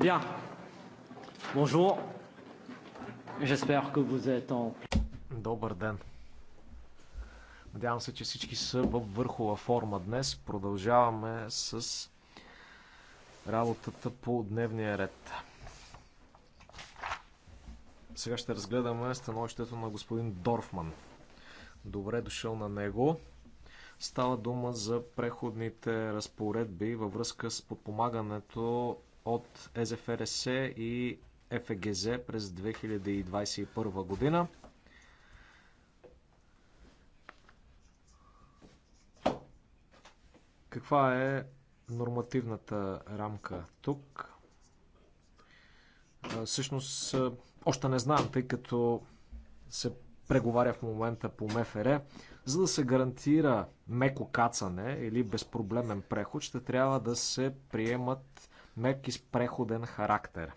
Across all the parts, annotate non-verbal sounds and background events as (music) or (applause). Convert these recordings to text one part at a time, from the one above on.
Bien. Bonjour. J'espère que vous êtes en... Добър ден. Надявам се, че всички са във върхова форма днес. Продължаваме с работата по дневния ред. Сега ще разгледаме становището на господин Дорфман. Добре дошъл на него. Става дума за преходните разпоредби във връзка с подпомагането от ЕЗФРС и е ФГЗ през 2021 година. Каква е нормативната рамка тук? Всъщност, още не знам, тъй като се преговаря в момента по МФР. Е. За да се гарантира меко кацане или безпроблемен преход, ще трябва да се приемат мерки с преходен характер.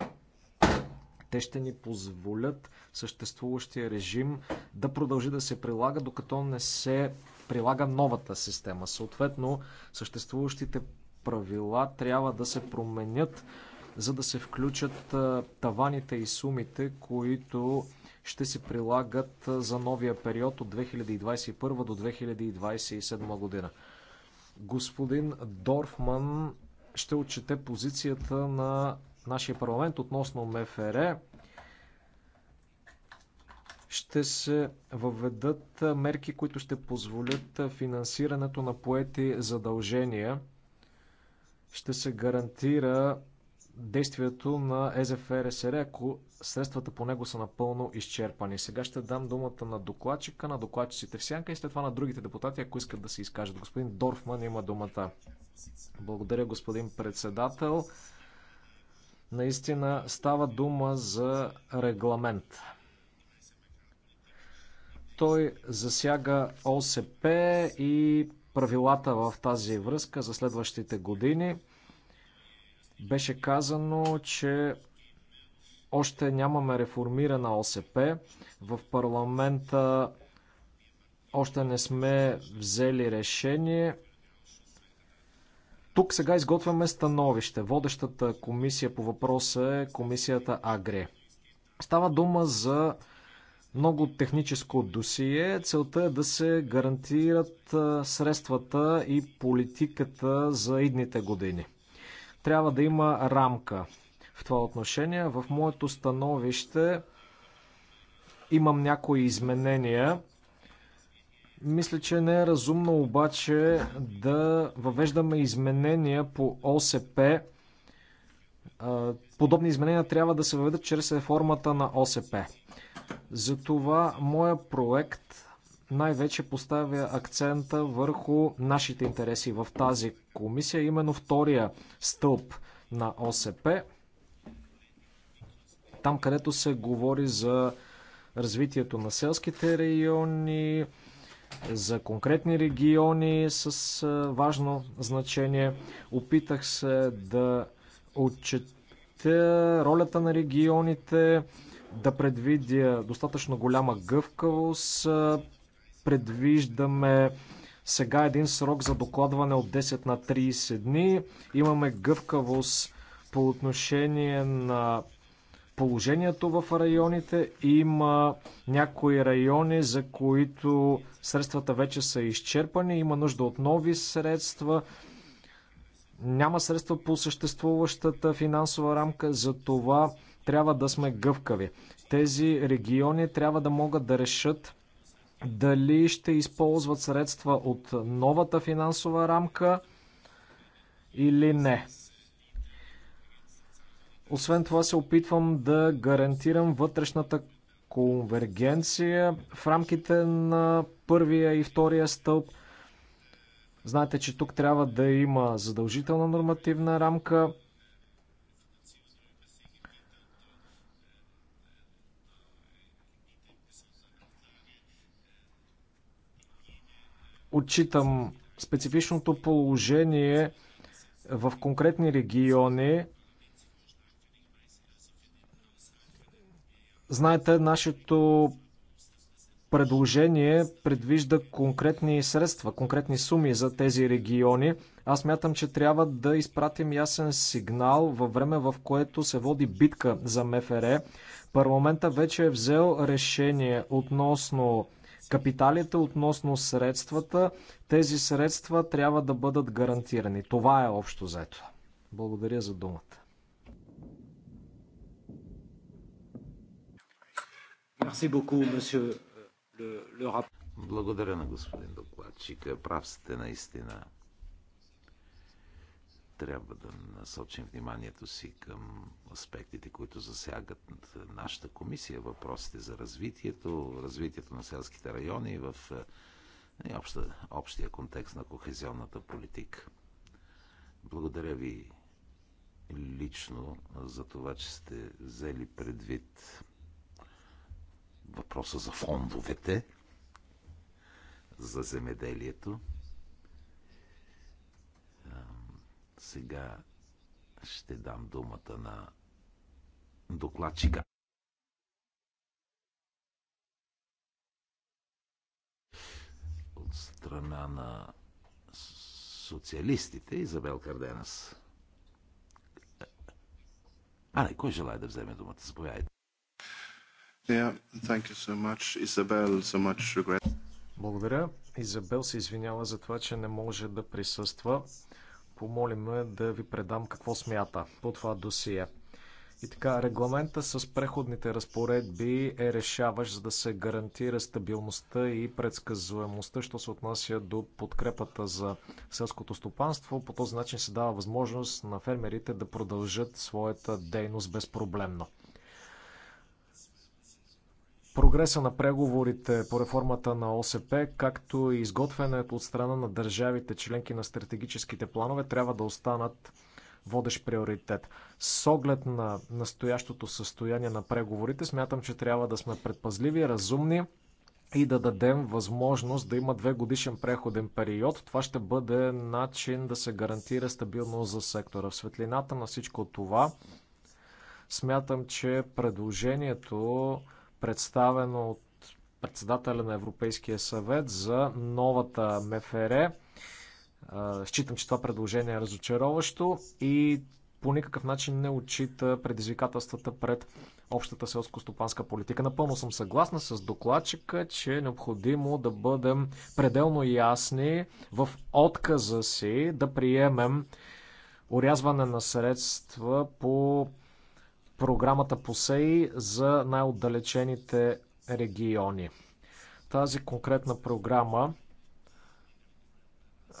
Те ще ни позволят съществуващия режим да продължи да се прилага, докато не се прилага новата система. Съответно, съществуващите правила трябва да се променят, за да се включат таваните и сумите, които ще се прилагат за новия период от 2021 до 2027 година. Господин Дорфман ще отчете позицията на нашия парламент относно МФР. Ще се въведат мерки, които ще позволят финансирането на поети задължения. Ще се гарантира действието на ЕЗФРСР, е, ако средствата по него са напълно изчерпани. Сега ще дам думата на докладчика, на докладчиците в сянка и след това на другите депутати, ако искат да се изкажат. Господин Дорфман има думата. Благодаря, господин председател. Наистина става дума за регламент. Той засяга ОСП и правилата в тази връзка за следващите години – беше казано, че още нямаме реформирана ОСП. В парламента още не сме взели решение. Тук сега изготвяме становище. Водещата комисия по въпроса е комисията Агре. Става дума за много техническо досие. Целта е да се гарантират средствата и политиката за идните години. Трябва да има рамка в това отношение. В моето становище имам някои изменения. Мисля, че не е разумно обаче да въвеждаме изменения по ОСП. Подобни изменения трябва да се въведат чрез реформата на ОСП. Затова моя проект най-вече поставя акцента върху нашите интереси в тази комисия, именно втория стълб на ОСП. Там, където се говори за развитието на селските райони, за конкретни региони с важно значение. Опитах се да отчета ролята на регионите, да предвидя достатъчно голяма гъвкавост. Предвиждаме сега един срок за докладване от 10 на 30 дни. Имаме гъвкавост по отношение на положението в районите. Има някои райони, за които средствата вече са изчерпани, има нужда от нови средства. Няма средства по съществуващата финансова рамка, за това трябва да сме гъвкави. Тези региони трябва да могат да решат дали ще използват средства от новата финансова рамка или не. Освен това се опитвам да гарантирам вътрешната конвергенция в рамките на първия и втория стълб. Знаете, че тук трябва да има задължителна нормативна рамка. отчитам специфичното положение в конкретни региони. Знаете, нашето предложение предвижда конкретни средства, конкретни суми за тези региони. Аз мятам, че трябва да изпратим ясен сигнал във време, в което се води битка за МФР. Парламента вече е взел решение относно капиталите, относно средствата. Тези средства трябва да бъдат гарантирани. Това е общо заето. Благодаря за думата. Благодаря на господин докладчика. Прав сте наистина трябва да насочим вниманието си към аспектите, които засягат нашата комисия, въпросите за развитието, развитието на селските райони в е, и обща, общия контекст на кохезионната политика. Благодаря ви лично за това, че сте взели предвид въпроса за фондовете за земеделието. Сега ще дам думата на докладчика. От страна на социалистите Изабел Карденас. А, не, кой желая да вземе думата? Заповядайте. Yeah, thank you so much, Isabel, so much regret. Благодаря. Изабел се извинява за това, че не може да присъства помолим да ви предам какво смята по това досие. И така, регламента с преходните разпоредби е решаващ, за да се гарантира стабилността и предсказуемостта, що се отнася до подкрепата за селското стопанство. По този начин се дава възможност на фермерите да продължат своята дейност безпроблемно прогреса на преговорите по реформата на ОСП, както и изготвянето от страна на държавите членки на стратегическите планове, трябва да останат водещ приоритет. С оглед на настоящото състояние на преговорите, смятам, че трябва да сме предпазливи, разумни и да дадем възможност да има две годишен преходен период. Това ще бъде начин да се гарантира стабилност за сектора. В светлината на всичко това, смятам, че предложението представено от председателя на Европейския съвет за новата МФР. Считам, че това предложение е разочароващо и по никакъв начин не отчита предизвикателствата пред общата селско-стопанска политика. Напълно съм съгласна с докладчика, че е необходимо да бъдем пределно ясни в отказа си да приемем урязване на средства по програмата ПОСЕИ за най-отдалечените региони. Тази конкретна програма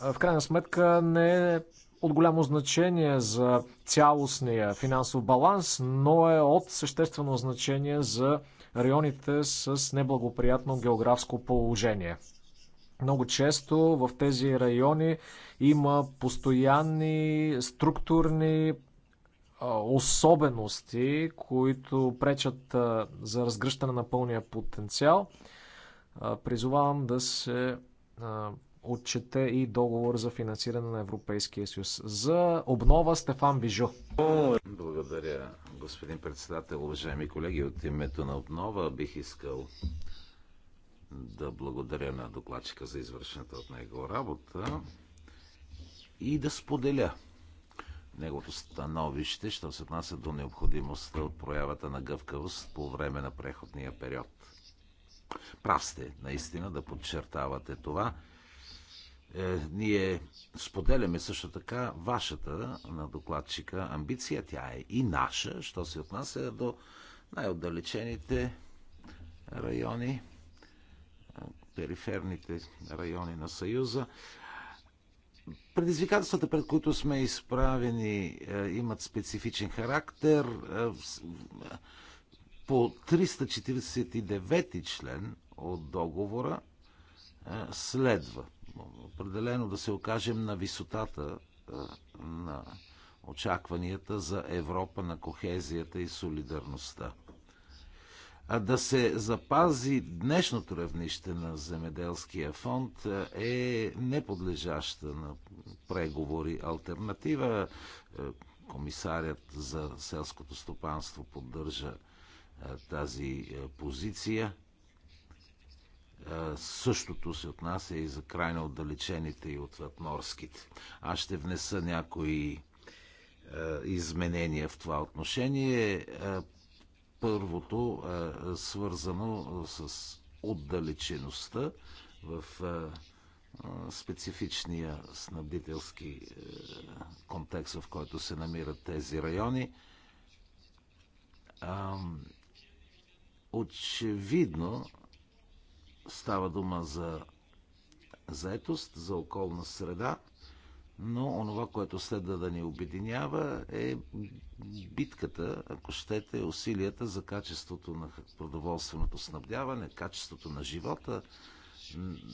в крайна сметка не е от голямо значение за цялостния финансов баланс, но е от съществено значение за районите с неблагоприятно географско положение. Много често в тези райони има постоянни структурни особености, които пречат за разгръщане на пълния потенциал. Призовавам да се отчете и договор за финансиране на Европейския съюз. За обнова Стефан Бижо. Благодаря, господин председател. Уважаеми колеги, от името на обнова бих искал да благодаря на докладчика за извършената от него работа и да споделя неговото становище, що се отнася до необходимостта от проявата на гъвкавост по време на преходния период. Прав сте, наистина, да подчертавате това. Е, ние споделяме също така вашата на докладчика амбиция. Тя е и наша, що се отнася до най-отдалечените райони, периферните райони на Съюза. Предизвикателствата, пред които сме изправени, е, имат специфичен характер. Е, е, по 349 член от договора следва определено да се окажем на висотата на очакванията за Европа на кохезията и солидарността да се запази днешното равнище на земеделския фонд е неподлежаща на преговори альтернатива. Комисарят за селското стопанство поддържа тази позиция. Същото се отнася и за крайно отдалечените и отвъд морските. Аз ще внеса някои изменения в това отношение. Първото, е свързано с отдалечеността в е, е, специфичния снабдителски е, контекст, в който се намират тези райони. Очевидно става дума за заетост, за околна среда – но онова, което следва да ни обединява е битката, ако щете, усилията за качеството на продоволственото снабдяване, качеството на живота,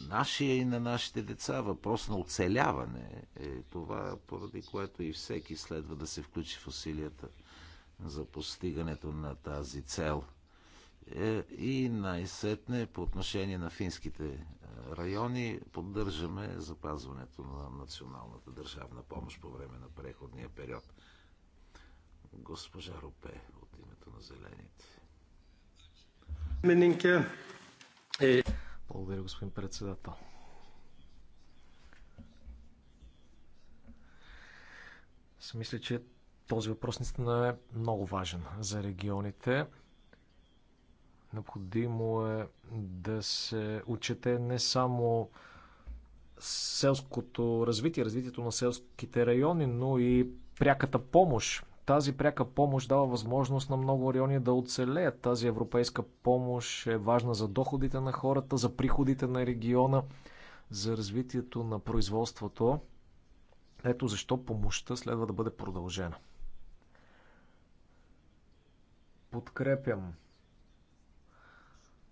нашия и на нашите деца. Въпрос на оцеляване е това, поради което и всеки следва да се включи в усилията за постигането на тази цел. Е, и най-сетне по отношение на финските райони поддържаме запазването на националната държавна помощ по време на преходния период. Госпожа Рупе от името на Зелените. Мининке. Е... Благодаря, господин председател. Аз мисля, че този въпрос наистина е много важен за регионите. Необходимо е да се отчете не само селското развитие, развитието на селските райони, но и пряката помощ. Тази пряка помощ дава възможност на много райони да оцелеят. Тази европейска помощ е важна за доходите на хората, за приходите на региона, за развитието на производството. Ето защо помощта следва да бъде продължена. Подкрепям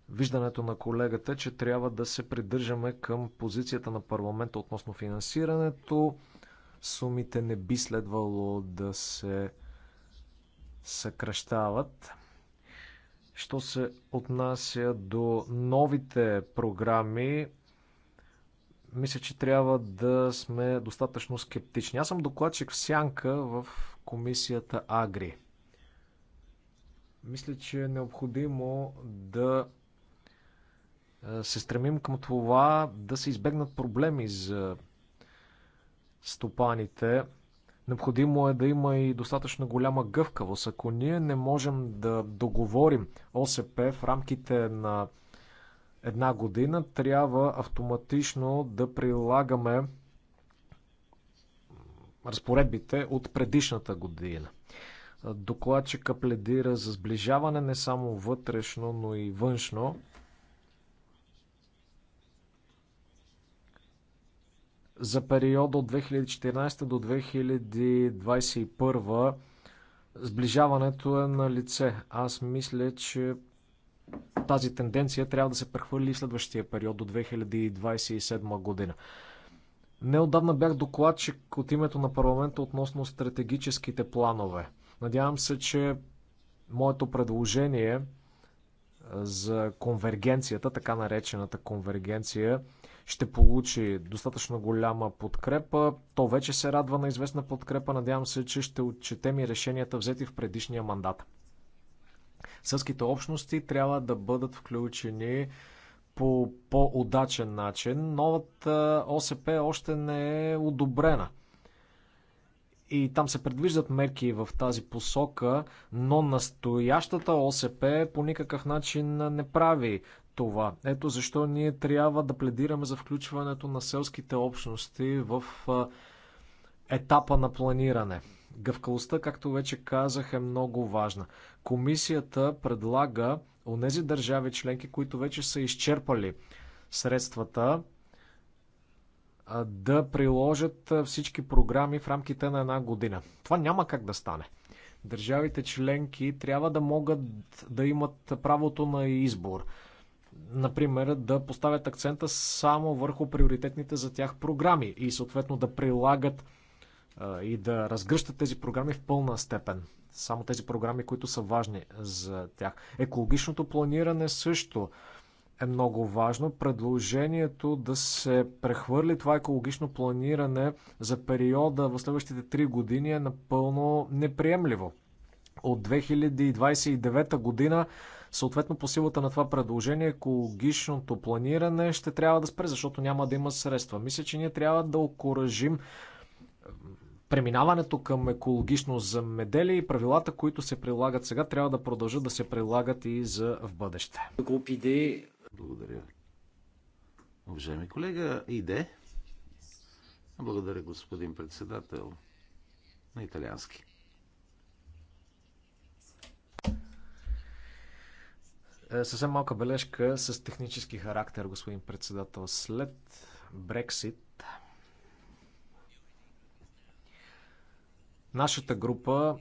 виждането на колегата, че трябва да се придържаме към позицията на парламента относно финансирането. Сумите не би следвало да се съкръщават. Що се отнася до новите програми, мисля, че трябва да сме достатъчно скептични. Аз съм докладчик в Сянка в комисията Агри. Мисля, че е необходимо да е, се стремим към това да се избегнат проблеми за стопаните. Необходимо е да има и достатъчно голяма гъвкавост. Ако ние не можем да договорим ОСП в рамките на една година, трябва автоматично да прилагаме разпоредбите от предишната година. Докладчика пледира за сближаване не само вътрешно, но и външно. за периода от 2014 до 2021 сближаването е на лице. Аз мисля, че тази тенденция трябва да се прехвърли в следващия период до 2027 година. Неодавна бях докладчик от името на парламента относно стратегическите планове. Надявам се, че моето предложение за конвергенцията, така наречената конвергенция, ще получи достатъчно голяма подкрепа. То вече се радва на известна подкрепа. Надявам се, че ще отчетем и решенията взети в предишния мандат. Съските общности трябва да бъдат включени по по-удачен начин. Новата ОСП още не е одобрена. И там се предвиждат мерки в тази посока, но настоящата ОСП по никакъв начин не прави това. Ето защо ние трябва да пледираме за включването на селските общности в етапа на планиране. Гъвкалостта, както вече казах, е много важна. Комисията предлага онези държави членки, които вече са изчерпали средствата, да приложат всички програми в рамките на една година. Това няма как да стане. Държавите членки трябва да могат да имат правото на избор например, да поставят акцента само върху приоритетните за тях програми и съответно да прилагат и да разгръщат тези програми в пълна степен. Само тези програми, които са важни за тях. Екологичното планиране също е много важно. Предложението да се прехвърли това екологично планиране за периода в следващите 3 години е напълно неприемливо. От 2029 година Съответно, по силата на това предложение, екологичното планиране ще трябва да спре, защото няма да има средства. Мисля, че ние трябва да окоръжим преминаването към екологично замеделие и правилата, които се прилагат сега, трябва да продължат да се прилагат и за в бъдеще. Груп идеи. Благодаря. Уважаеми колега, иде. Благодаря, господин председател. На италиански. Е, съвсем малка бележка с технически характер, господин председател. След Брексит нашата група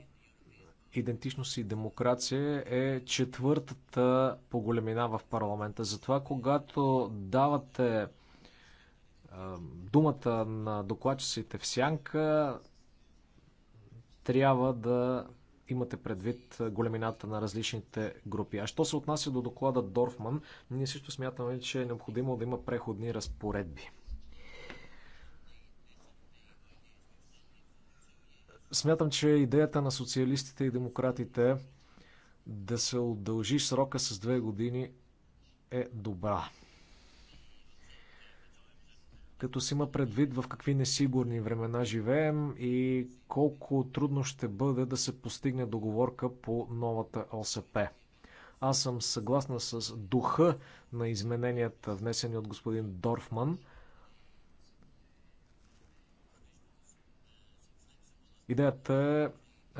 идентичност и демокрация е четвъртата по големина в парламента. Затова, когато давате е, думата на докладчиците в сянка, трябва да имате предвид големината на различните групи. А що се отнася до доклада Дорфман, ние също смятаме, че е необходимо да има преходни разпоредби. Смятам, че идеята на социалистите и демократите да се удължи срока с две години е добра като се има предвид в какви несигурни времена живеем и колко трудно ще бъде да се постигне договорка по новата ОСП. Аз съм съгласна с духа на измененията, внесени от господин Дорфман. Идеята е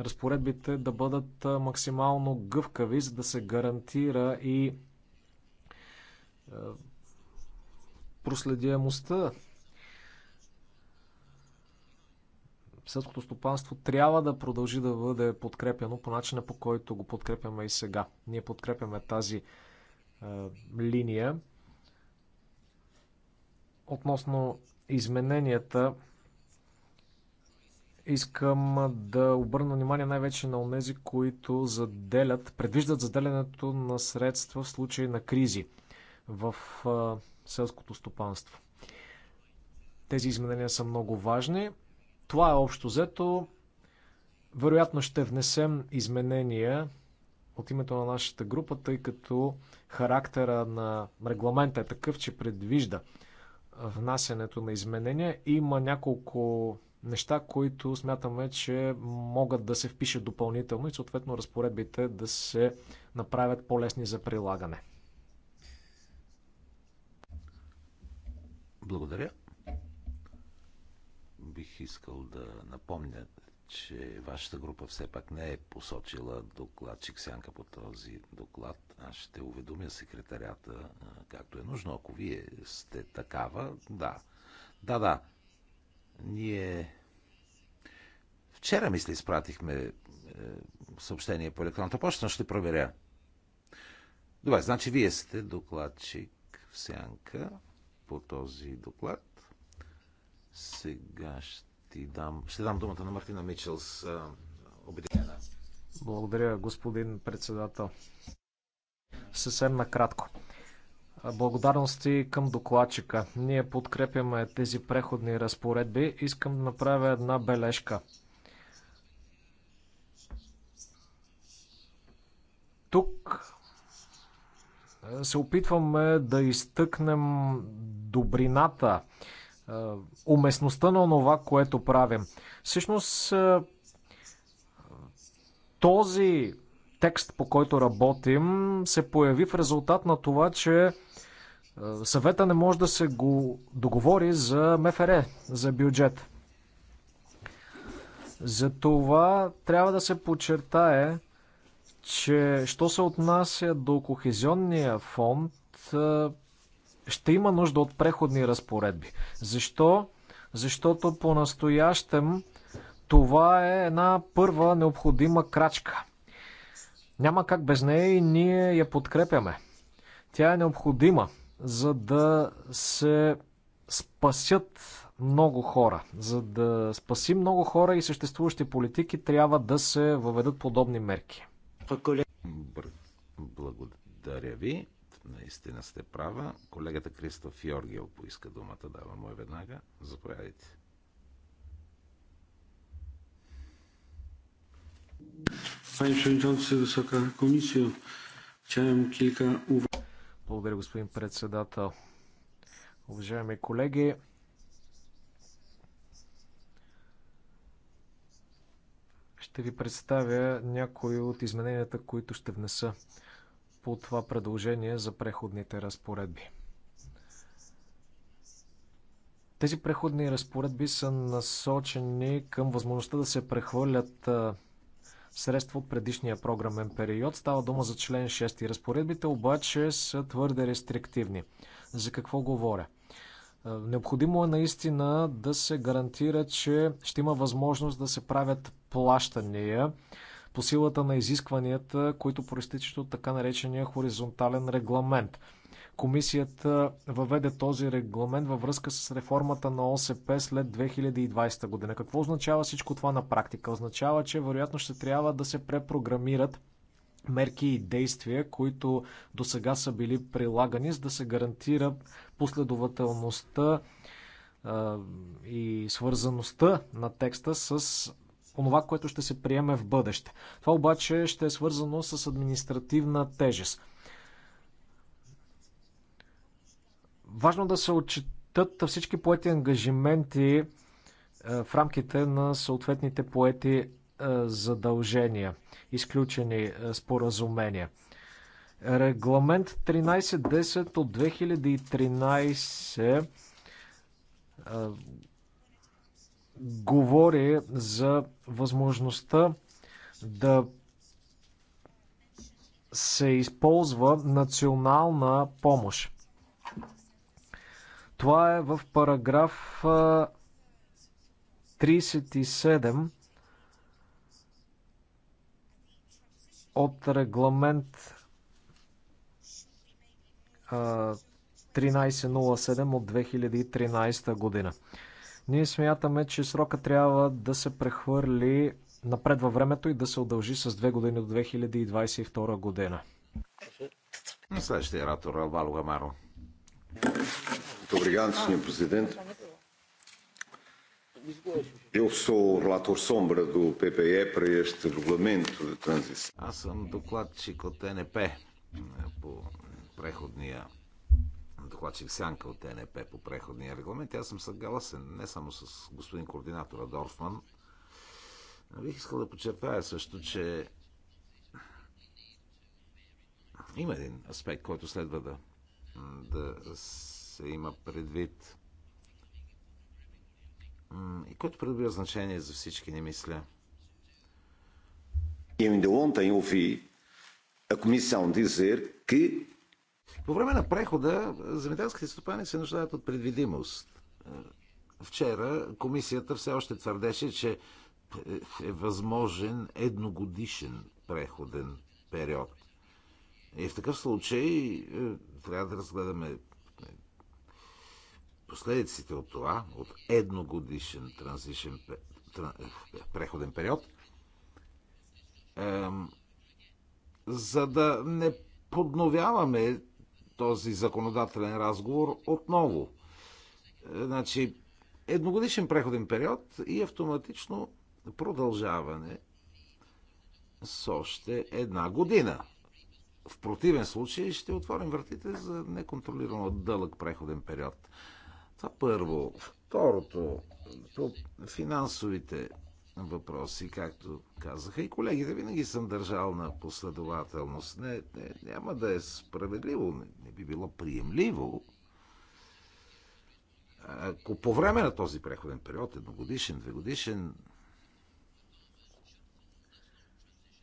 разпоредбите да бъдат максимално гъвкави, за да се гарантира и е, проследяемостта Селското стопанство трябва да продължи да бъде подкрепяно по начина по който го подкрепяме и сега. Ние подкрепяме тази е, линия. Относно измененията, искам да обърна внимание най-вече на онези, които заделят, предвиждат заделянето на средства в случай на кризи в е, селското стопанство. Тези изменения са много важни. Това е общо взето. Вероятно ще внесем изменения от името на нашата група, тъй като характера на регламента е такъв, че предвижда внасянето на изменения. Има няколко неща, които смятаме, че могат да се впишат допълнително и съответно разпоредбите да се направят по-лесни за прилагане. Благодаря бих искал да напомня, че вашата група все пак не е посочила докладчик сянка по този доклад. Аз ще уведомя секретарята, както е нужно. Ако вие сте такава, да. Да, да. Ние вчера, мисля, изпратихме е, съобщение по електронната почта, но ще проверя. Добре, значи вие сте докладчик в сянка по този доклад. Сега ще дам, ще дам думата на Мартина Мичелс, обединена. Благодаря, господин председател. Съвсем накратко. Благодарности към докладчика. Ние подкрепяме тези преходни разпоредби. Искам да направя една бележка. Тук се опитваме да изтъкнем добрината уместността на това, което правим. Всъщност, този текст, по който работим, се появи в резултат на това, че съвета не може да се го договори за МФР, за бюджет. Затова трябва да се подчертае, че що се отнася до кохезионния фонд, ще има нужда от преходни разпоредби. Защо? Защото по-настоящем това е една първа необходима крачка. Няма как без нея и ние я подкрепяме. Тя е необходима, за да се спасят много хора. За да спасим много хора и съществуващи политики, трябва да се въведат подобни мерки. Благодаря ви. Наистина сте права. Колегата Кристоф Фьоргиел поиска думата. Давам му е веднага. Заповядайте. Panie Przewodniczący, Wysoka Komisjo, chciałem kilka Благодаря, господин председател. Уважаеми колеги, ще ви представя някои от измененията, които ще внеса по това предложение за преходните разпоредби. Тези преходни разпоредби са насочени към възможността да се прехвърлят средства от предишния програмен период. Става дума за член 6. Разпоредбите обаче са твърде рестриктивни. За какво говоря? Необходимо е наистина да се гарантира, че ще има възможност да се правят плащания по силата на изискванията, които проистичат от така наречения хоризонтален регламент. Комисията въведе този регламент във връзка с реформата на ОСП след 2020 година. Какво означава всичко това на практика? Означава, че вероятно ще трябва да се препрограмират мерки и действия, които до сега са били прилагани, за да се гарантира последователността и свързаността на текста с онова, което ще се приеме в бъдеще. Това обаче ще е свързано с административна тежест. Важно да се отчитат всички поети ангажименти е, в рамките на съответните поети е, задължения, изключени е, споразумения. Регламент 1310 от 2013 говори за възможността да се използва национална помощ. Това е в параграф 37 от регламент 1307 от 2013 година. Ние смятаме, че срока трябва да се прехвърли напред във времето и да се удължи с две години до 2022 година. Следващия ратор Алвало Гамаро. Добриган, господин президент. Eu sou o relator sombra do PPE para este regulamento de transição. Аз съм докладчик от НП по преходния докладчик Сянка от ТНП по преходния регламент. Аз съм съгласен не само с господин координатора Дорфман. Бих искал да подчертая също, че има един аспект, който следва да, да се има предвид и който придобива значение за всички, не мисля. E ontem ouvi a Comissão dizer que по време на прехода земеделските стопани се нуждаят от предвидимост. Вчера комисията все още твърдеше, че е възможен едногодишен преходен период. И в такъв случай е, трябва да разгледаме последиците от това, от едногодишен транзишен е, преходен период, за да не подновяваме този законодателен разговор отново. Е, значи, едногодишен преходен период и автоматично продължаване с още една година. В противен случай ще отворим вратите за неконтролирано дълъг преходен период. Това първо. Второто, по финансовите въпроси, както казаха и колегите. Винаги съм държал на последователност. Не, не, няма да е справедливо, не, не би било приемливо. Ако по време на този преходен период, едногодишен, двегодишен,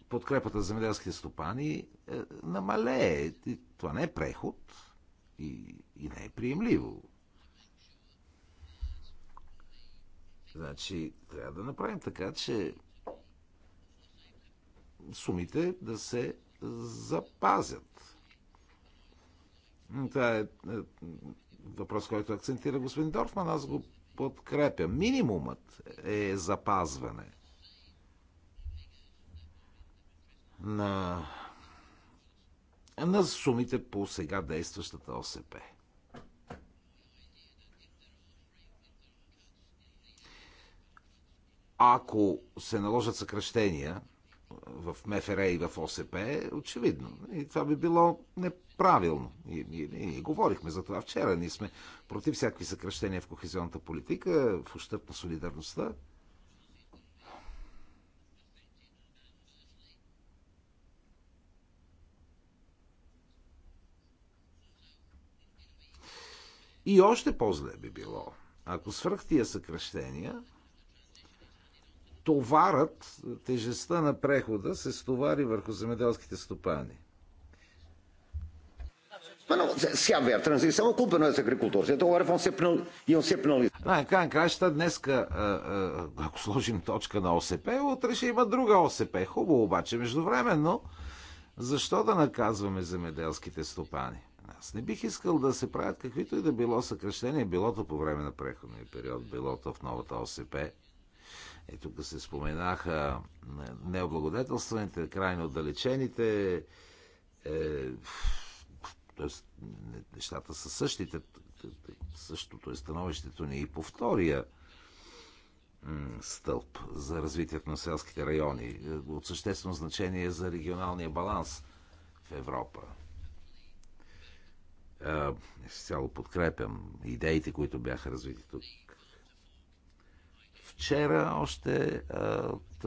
подкрепата за земеделските стопани е, намалее. Това не е преход и, и не е приемливо. Значи, трябва да направим така, че сумите да се запазят. Това е, е въпрос, който акцентира господин Дорфман. Аз го подкрепя. Минимумът е запазване на, на сумите по сега действащата ОСП. ако се наложат съкръщения в МФР и в ОСП, очевидно. И това би било неправилно. И, и, и, ние говорихме за това вчера. Ние сме против всякакви съкръщения в кохезионната политика, в ущърп на солидарността. И още по-зле би било, ако свръх тия съкръщения товарът, тежестта на прехода се стовари върху земеделските стопани. Сега вяр транзиция, но купено е Това е и он се пенали. Да, край краща, днеска, ако сложим точка на ОСП, утре ще има друга ОСП. Хубаво обаче, междувременно, защо да наказваме земеделските стопани? Аз не бих искал да се правят каквито и да било съкръщения, билото по време на преходния период, билото в новата ОСП. Е, тук се споменаха необлагодетелствените, крайно отдалечените, е, т.е. нещата са същите, същото е становището ни и по втория стълб за развитието на селските райони, е, от съществено значение за регионалния баланс в Европа. Е, изцяло подкрепям идеите, които бяха развити тук Вчера още от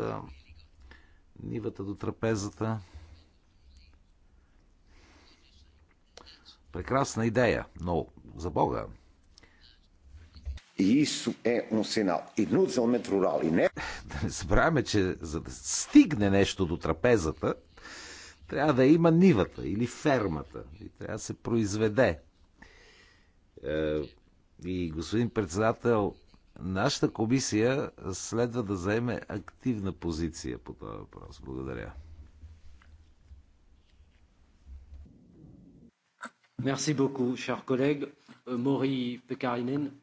нивата до трапезата. Прекрасна идея, но за Бога. И е носинал. И desenvolvimento И не... (laughs) Да не забравяме, че за да стигне нещо до трапезата, трябва да има нивата или фермата. И трябва да се произведе. Е, и господин председател, Нашата комисия следва да заеме активна позиция по този въпрос. Благодаря. Мерси боку, шар колег. Мори Пекайнен.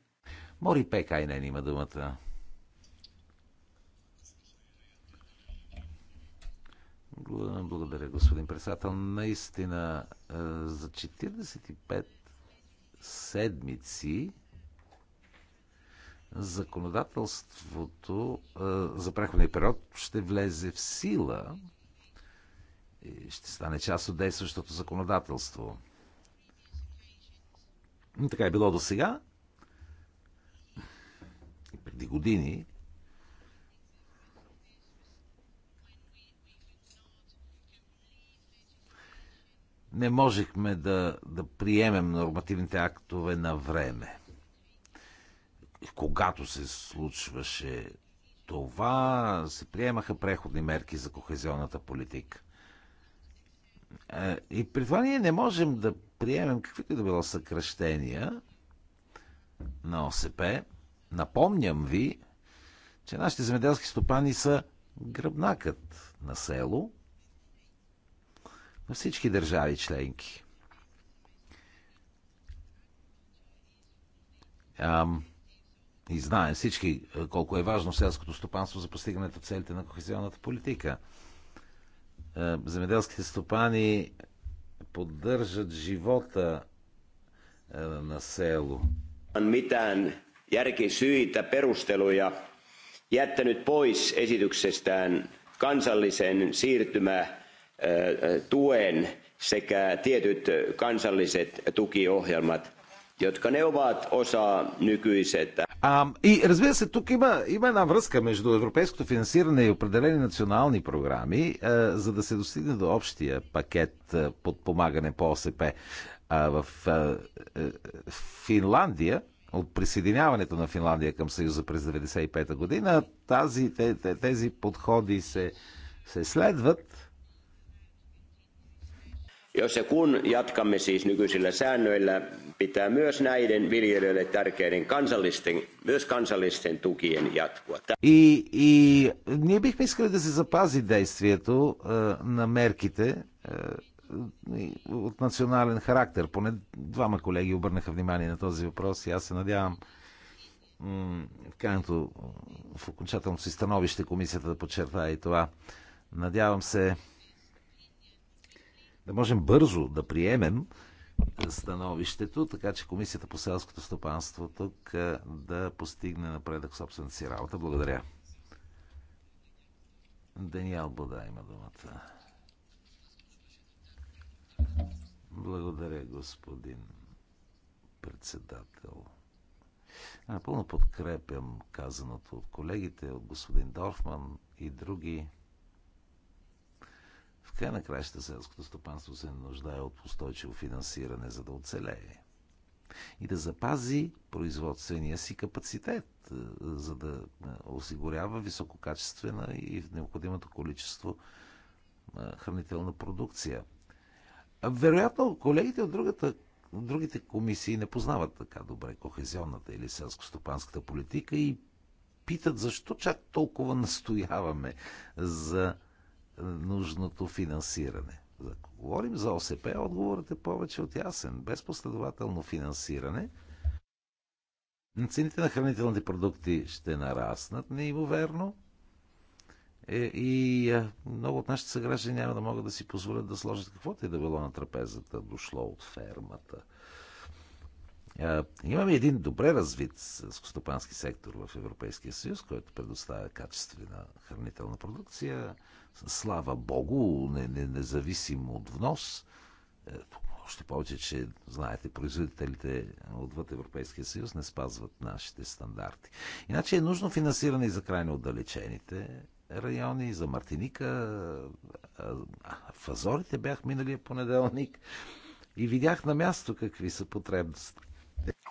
Мори Пекайнен има думата. Благодаря, господин председател. Наистина, е, за 45 седмици законодателството за преходния период ще влезе в сила и ще стане част от действащото законодателство. Така е било до сега. И преди години. Не можехме да, да приемем нормативните актове на време. И когато се случваше това, се приемаха преходни мерки за кохезионната политика. Е, и при това ние не можем да приемем каквито да било съкръщения на ОСП. Напомням ви, че нашите земеделски стопани са гръбнакът на село на всички държави членки. Ам, и знаем всички колко е важно селското стопанство за постигането целите на кохезионната политика. Земеделските стопани поддържат живота на село. On mitään järkisyitä perusteluja jättänyt pois esityksestään kansallisen siirtymätuen sekä tietyt kansalliset tukiohjelmat, jotka ne ovat osa nykyisestä. А, и разбира се, тук има, има една връзка между европейското финансиране и определени национални програми, а, е, за да се достигне до общия пакет а, е, подпомагане по ОСП. А, в а, е, а, Финландия, от присъединяването на Финландия към Съюза през 1995 година, тази, тези подходи се, се следват jos ja kun jatkamme siis nykyisillä säännöillä, pitää myös näiden viljelijöille tärkeiden kansallisten, myös kansallisten tukien jatkua. И, и ние бихме искали да се запази действието е, на мерките е, от национален характер. Поне двама колеги обърнаха внимание на този въпрос и аз се надявам в крайното, в окончателното си становище комисията да подчертае и това. Надявам се, да можем бързо да приемем становището, така че Комисията по селското стопанство тук е, да постигне напредък в собствената си работа. Благодаря. Даниел Бода има думата. Благодаря, господин председател. Напълно подкрепям казаното от колегите, от господин Дорфман и други. В на краща селското стопанство се нуждае от устойчиво финансиране, за да оцелее. И да запази производствения си капацитет, е, за да е, осигурява висококачествена и в необходимото количество е, хранителна продукция. Вероятно, колегите от другата другите комисии не познават така добре кохезионната или селско-стопанската политика и питат защо чак толкова настояваме за нужното финансиране. да говорим за ОСП, отговорът е повече от ясен. Без последователно финансиране цените на хранителните продукти ще нараснат неимоверно е, и много от нашите съграждани няма да могат да си позволят да сложат каквото и да било на трапезата, дошло от фермата – Имаме един добре развит скостопански сектор в Европейския съюз, който предоставя качествена хранителна продукция. Слава Богу, не, не, независим от внос. Е, още повече, че, знаете, производителите отвъд Европейския съюз не спазват нашите стандарти. Иначе е нужно финансиране и за крайно отдалечените райони, за Мартиника. В Азорите бях миналия понеделник и видях на място какви са потребностите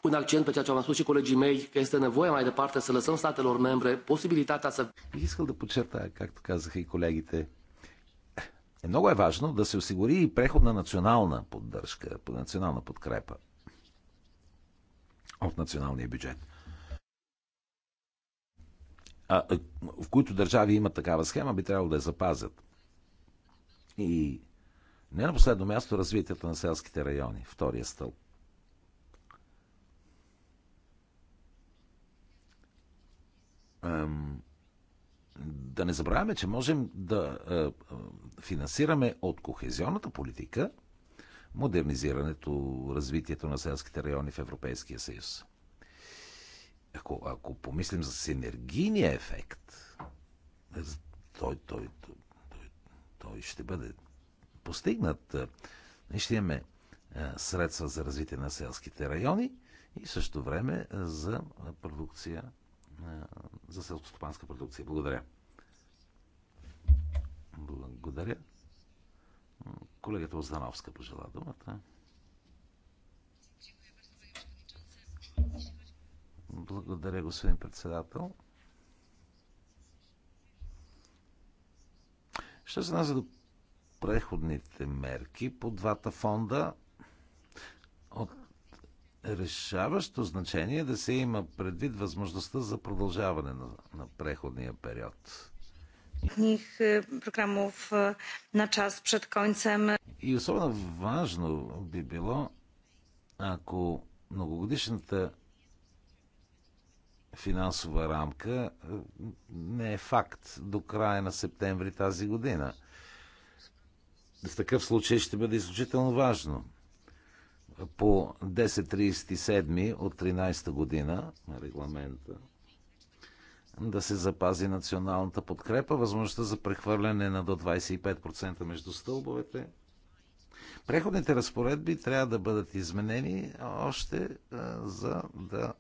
un accent pe ceea ce am spus și colegii mei, că este nevoie mai departe să lăsăm statelor membre posibilitatea să... Искам да подчертая, както казаха и колегите, е много е важно да се осигури и преход на национална поддръжка, национална подкрепа от националния бюджет. А, в които държави имат такава схема, би трябвало да я запазят. И не на последно място развитието на селските райони, втория стълб. да не забравяме, че можем да финансираме от кохезионната политика модернизирането, развитието на селските райони в Европейския съюз. Ако, ако помислим за синергийния ефект, той, той, той, той ще бъде постигнат. Ние ще имаме средства за развитие на селските райони и също време за продукция е, за селскостопанска продукция. Благодаря. Благодаря. Колегата Оздановска пожела думата. Благодаря, господин председател. Ще се отнася до преходните мерки по двата фонда, от решаващо значение да се има предвид възможността за продължаване на, на преходния период. Nich programów na czas przed końcem. И особено важно би било, ако многогодишната финансова рамка е, не е факт до края на септември тази година. В такъв случай ще бъде изключително важно по 1037 от 13 година на регламента да се запази националната подкрепа, възможността за прехвърляне на до 25% между стълбовете. Преходните разпоредби трябва да бъдат изменени още за да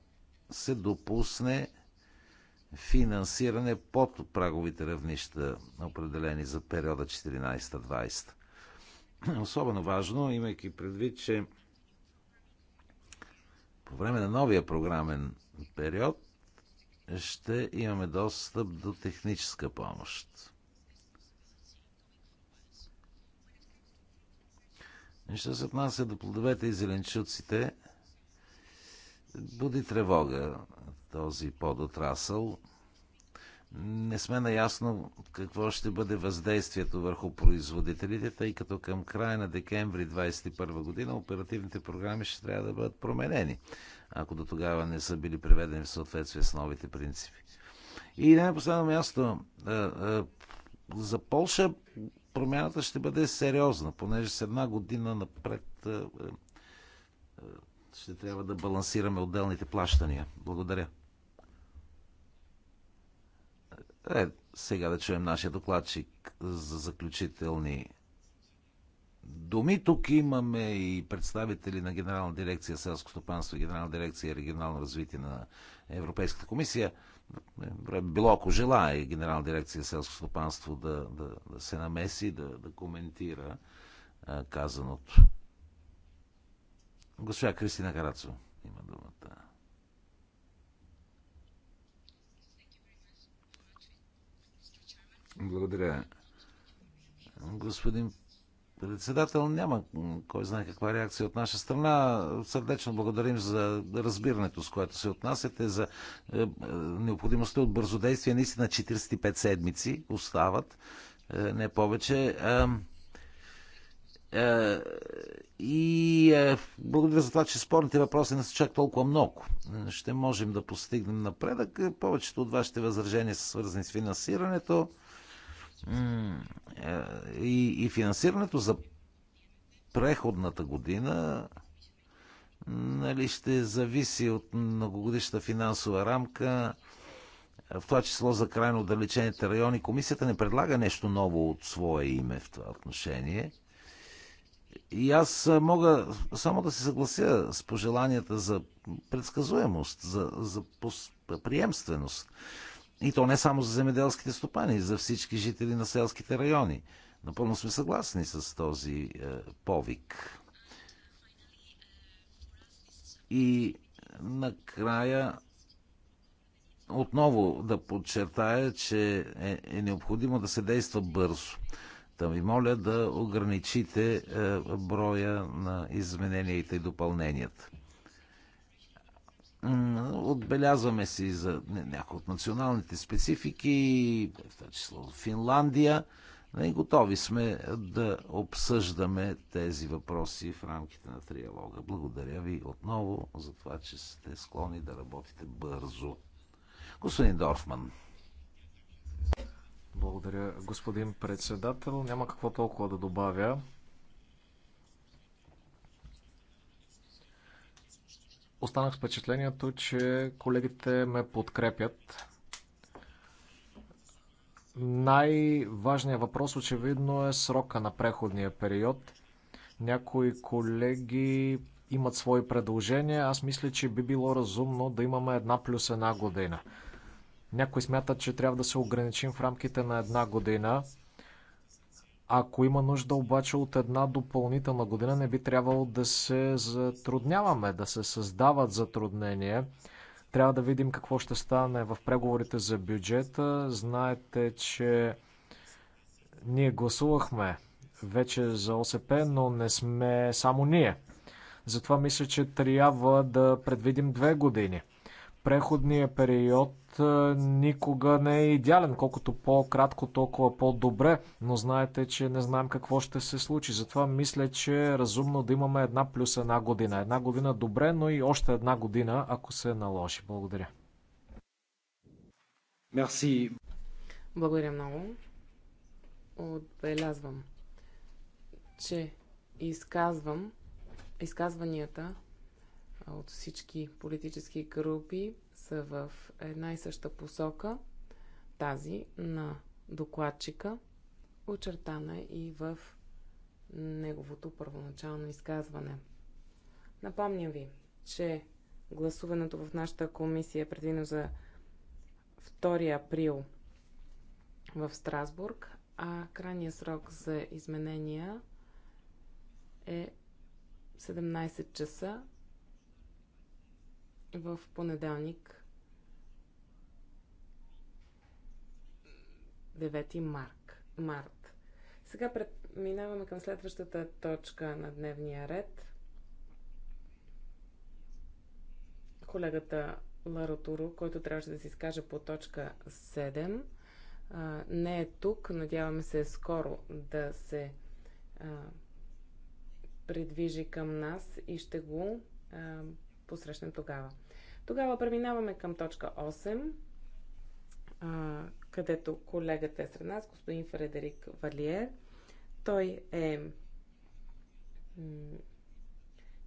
се допусне финансиране под праговите равнища, определени за периода 14-20. Особено важно, имайки предвид, че по време на новия програмен период ще имаме достъп до техническа помощ. И се отнася до плодовете и зеленчуците, буди тревога този подотрасъл – не сме наясно какво ще бъде въздействието върху производителите, тъй като към края на декември 2021 година оперативните програми ще трябва да бъдат променени, ако до тогава не са били приведени в съответствие с новите принципи. И на последно място, за Полша промяната ще бъде сериозна, понеже с една година напред ще трябва да балансираме отделните плащания. Благодаря. Е, сега да чуем нашия докладчик за заключителни думи. Тук имаме и представители на Генерална дирекция селско стопанство и Генерална дирекция регионално развитие на Европейската комисия. Е, било ако желая Генерална дирекция селско стопанство да, да, да се намеси, да, да коментира а, е, казаното. Госпожа Кристина Карацо има думата. Благодаря. Господин председател, няма кой знае каква реакция от наша страна. Сърдечно благодарим за разбирането, с което се отнасяте, за е, е, необходимостта от бързо действие. Наистина 45 седмици остават, е, не повече. И благодаря за това, че спорните въпроси не са чак толкова много. Ще можем да постигнем напредък. Повечето от вашите възражения са свързани с финансирането е, и, и финансирането за преходната година нали, ще зависи от многогодишната финансова рамка, в това число за крайно отдалечените райони. Комисията не предлага нещо ново от свое име в това отношение. И аз мога само да се съглася с пожеланията за предсказуемост, за, за приемственост. И то не само за земеделските стопани, за всички жители на селските райони. Напълно сме съгласни с този е, повик. И накрая отново да подчертая, че е, е необходимо да се действа бързо. Да ви моля да ограничите е, броя на измененията и допълненията. Отбелязваме си за някои от националните специфики, в това число Финландия. И нали, готови сме да обсъждаме тези въпроси в рамките на триалога. Благодаря ви отново за това, че сте склонни да работите бързо. Господин Дорфман. Благодаря, господин председател. Няма какво толкова да добавя. останах впечатлението, че колегите ме подкрепят. Най-важният въпрос очевидно е срока на преходния период. Някои колеги имат свои предложения. Аз мисля, че би било разумно да имаме една плюс една година. Някои смятат, че трябва да се ограничим в рамките на една година. Ако има нужда обаче от една допълнителна година, не би трябвало да се затрудняваме, да се създават затруднения. Трябва да видим какво ще стане в преговорите за бюджета. Знаете, че ние гласувахме вече за ОСП, но не сме само ние. Затова мисля, че трябва да предвидим две години. Преходният период е, никога не е идеален. Колкото по-кратко, толкова по-добре. Но знаете, че не знаем какво ще се случи. Затова мисля, че е разумно да имаме една плюс една година. Една година добре, но и още една година, ако се наложи. Благодаря. Мерси. Благодаря много. Отбелязвам, че изказвам изказванията от всички политически групи са в една и съща посока, тази на докладчика, очертана е и в неговото първоначално изказване. Напомням ви, че гласуването в нашата комисия е предвидено за 2 април в Страсбург, а крайният срок за изменения е 17 часа в понеделник 9 марк, март. Сега преминаваме към следващата точка на дневния ред. Колегата Ларотуру, който трябваше да се изкаже по точка 7, не е тук. Надяваме се скоро да се придвижи към нас и ще го посрещнем тогава. Тогава преминаваме към точка 8, а, където колегата е сред нас, господин Фредерик Валиер. Той е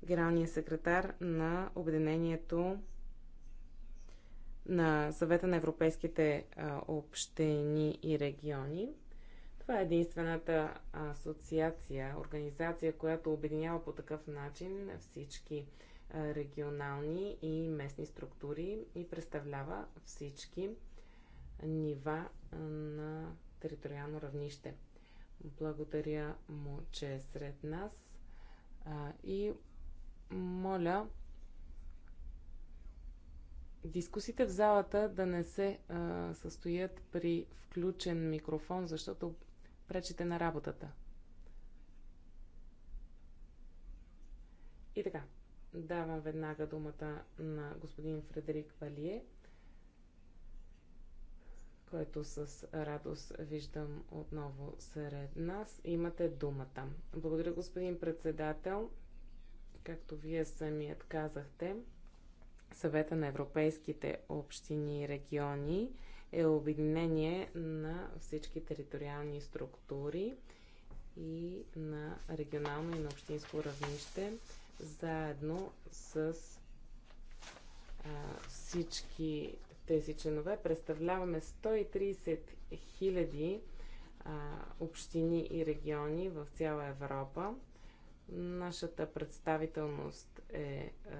генералният секретар на Обединението на Съвета на европейските а, общини и региони. Това е единствената асоциация, организация, която обединява по такъв начин всички регионални и местни структури и представлява всички нива на териториално равнище. Благодаря му, че е сред нас и моля дискусите в залата да не се състоят при включен микрофон, защото пречите на работата. И така, Давам веднага думата на господин Фредерик Валие, който с радост виждам отново сред нас. Имате думата. Благодаря, господин председател. Както вие самият казахте, съвета на европейските общини и региони е обединение на всички териториални структури и на регионално и на общинско равнище заедно с а, всички тези членове. Представляваме 130 хиляди общини и региони в цяла Европа. Нашата представителност е а,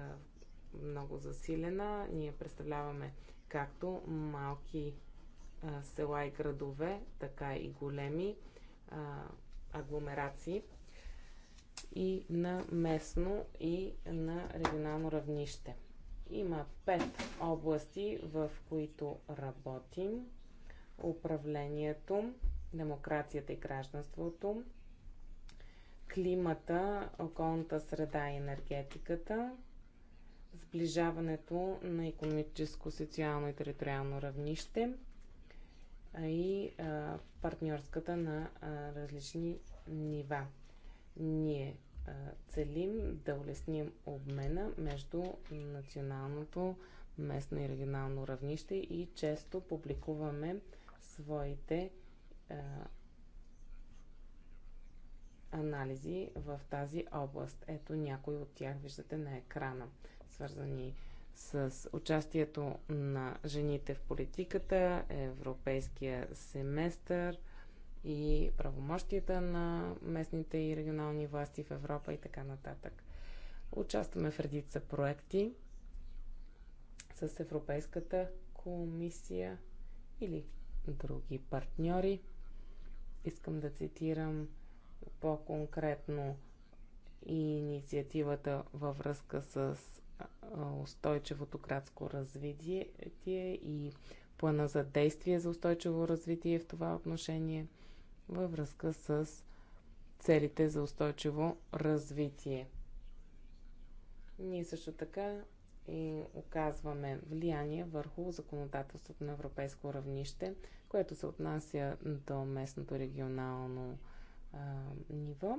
много засилена. Ние представляваме както малки а, села и градове, така и големи а, агломерации и на местно и на регионално равнище. Има пет области, в които работим. Управлението, демокрацията и гражданството, климата, околната среда и енергетиката, сближаването на економическо, социално и териториално равнище и а, партньорската на а, различни нива. Ние целим да улесним обмена между националното, местно и регионално равнище и често публикуваме своите а, анализи в тази област. Ето някои от тях виждате на екрана, свързани с участието на жените в политиката, европейския семестър – и правомощията на местните и регионални власти в Европа и така нататък. Участваме в редица проекти с Европейската комисия или други партньори. Искам да цитирам по-конкретно и инициативата във връзка с устойчивото градско развитие и плана за действие за устойчиво развитие в това отношение – във връзка с целите за устойчиво развитие. Ние също така и оказваме влияние върху законодателството на европейско равнище, което се отнася до местното регионално а, ниво.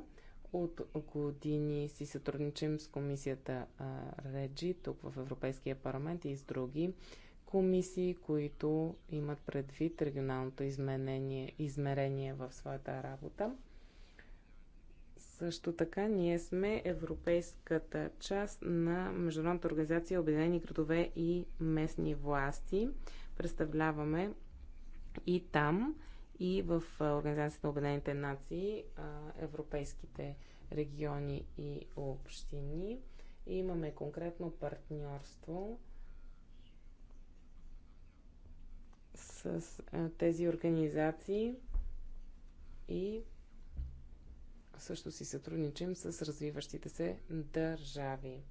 От години си сътрудничим с комисията а, Реджи тук в Европейския парламент и с други комисии, които имат предвид регионалното измерение в своята работа. Също така ние сме европейската част на Международната организация Обединени градове и местни власти. Представляваме и там, и в Организацията на Обединените нации европейските региони и общини. И имаме конкретно партньорство с а, тези организации и също си сътрудничим с развиващите се държави.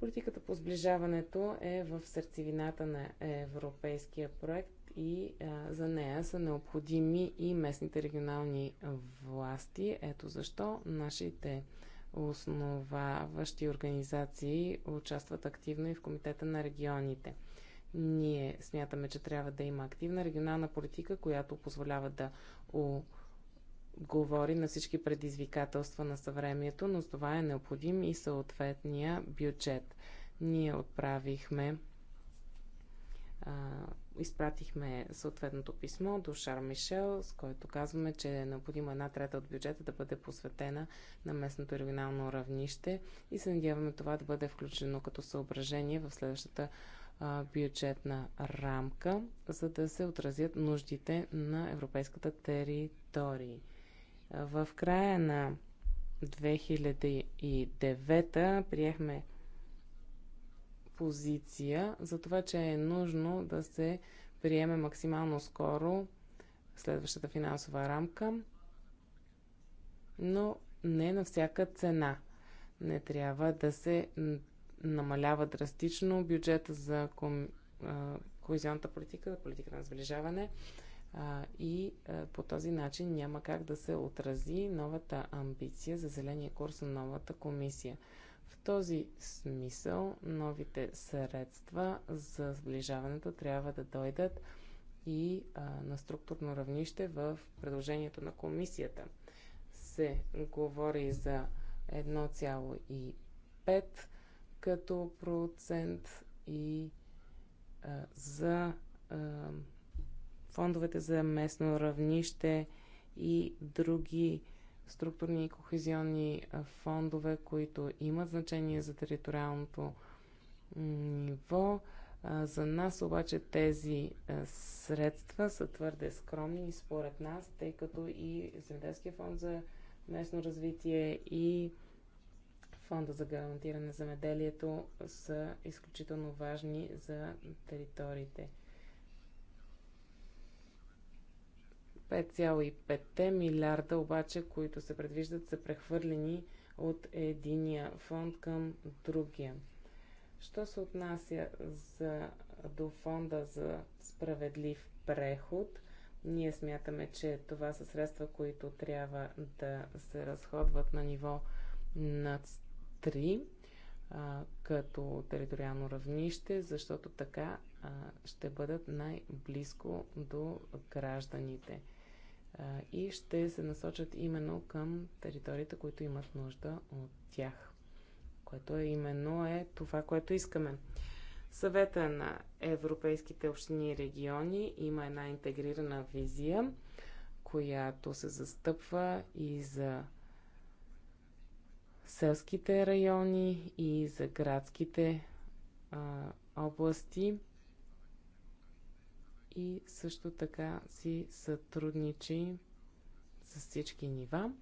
Политиката по сближаването е в сърцевината на европейския проект и а, за нея са необходими и местните регионални власти. Ето защо нашите основаващи организации участват активно и в Комитета на регионите. Ние смятаме, че трябва да има активна регионална политика, която позволява да говори на всички предизвикателства на съвремието, но с това е необходим и съответния бюджет. Ние отправихме изпратихме съответното писмо до Шар Мишел, с който казваме, че е необходимо една трета от бюджета да бъде посветена на местното регионално равнище и се надяваме това да бъде включено като съображение в следващата бюджетна рамка, за да се отразят нуждите на европейската територия. В края на 2009 приехме позиция за това, че е нужно да се приеме максимално скоро следващата финансова рамка, но не на всяка цена. Не трябва да се намалява драстично. Бюджета за ком, а, кохезионната политика, политика на сближаване а, и а, по този начин няма как да се отрази новата амбиция за зеления курс на новата комисия. В този смисъл новите средства за сближаването трябва да дойдат и а, на структурно равнище в предложението на комисията. Се говори за 1,5 като процент и а, за а, фондовете за местно равнище и други структурни и кохезионни фондове, които имат значение за териториалното ниво. За нас обаче тези средства са твърде скромни и според нас, тъй като и Земеделския фонд за местно развитие и Фонда за гарантиране на земеделието са изключително важни за териториите. 5,5 милиарда обаче, които се предвиждат, са прехвърлени от единия фонд към другия. Що се отнася за, до фонда за справедлив преход, ние смятаме, че това са средства, които трябва да се разходват на ниво над 3 като териториално равнище, защото така ще бъдат най-близко до гражданите и ще се насочат именно към териториите, които имат нужда от тях, което е именно е това, което искаме. Съвета на европейските общини и региони има една интегрирана визия, която се застъпва и за селските райони и за градските а, области. И също така си сътрудничи с всички нива.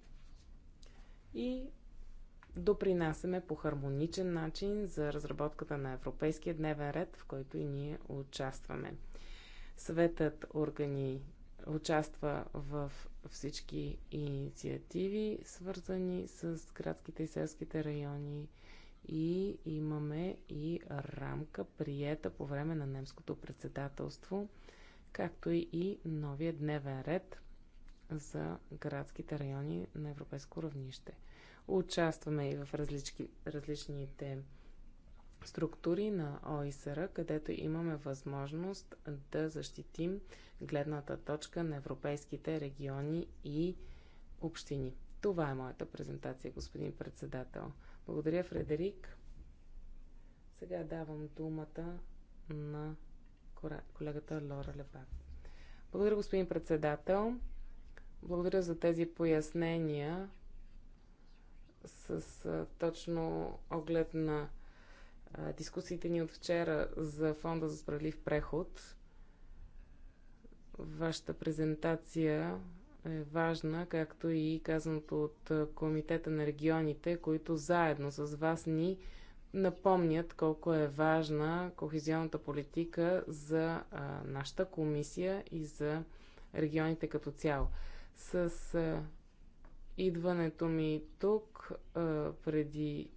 И допринасяме по хармоничен начин за разработката на Европейския дневен ред, в който и ние участваме. Съветът органи участва в всички инициативи, свързани с градските и селските райони и имаме и рамка, приета по време на немското председателство, както и новия дневен ред за градските райони на европейско равнище. Участваме и в различните структури на ОИСР, където имаме възможност да защитим гледната точка на европейските региони и общини. Това е моята презентация, господин председател. Благодаря, Фредерик. Сега давам думата на колегата Лора Лепак. Благодаря, господин председател. Благодаря за тези пояснения с точно оглед на дискусиите ни от вчера за Фонда за справедлив преход. Вашата презентация е важна, както и казаното от Комитета на регионите, които заедно с вас ни напомнят колко е важна кохезионната политика за а, нашата комисия и за регионите като цяло. С а, идването ми тук а, преди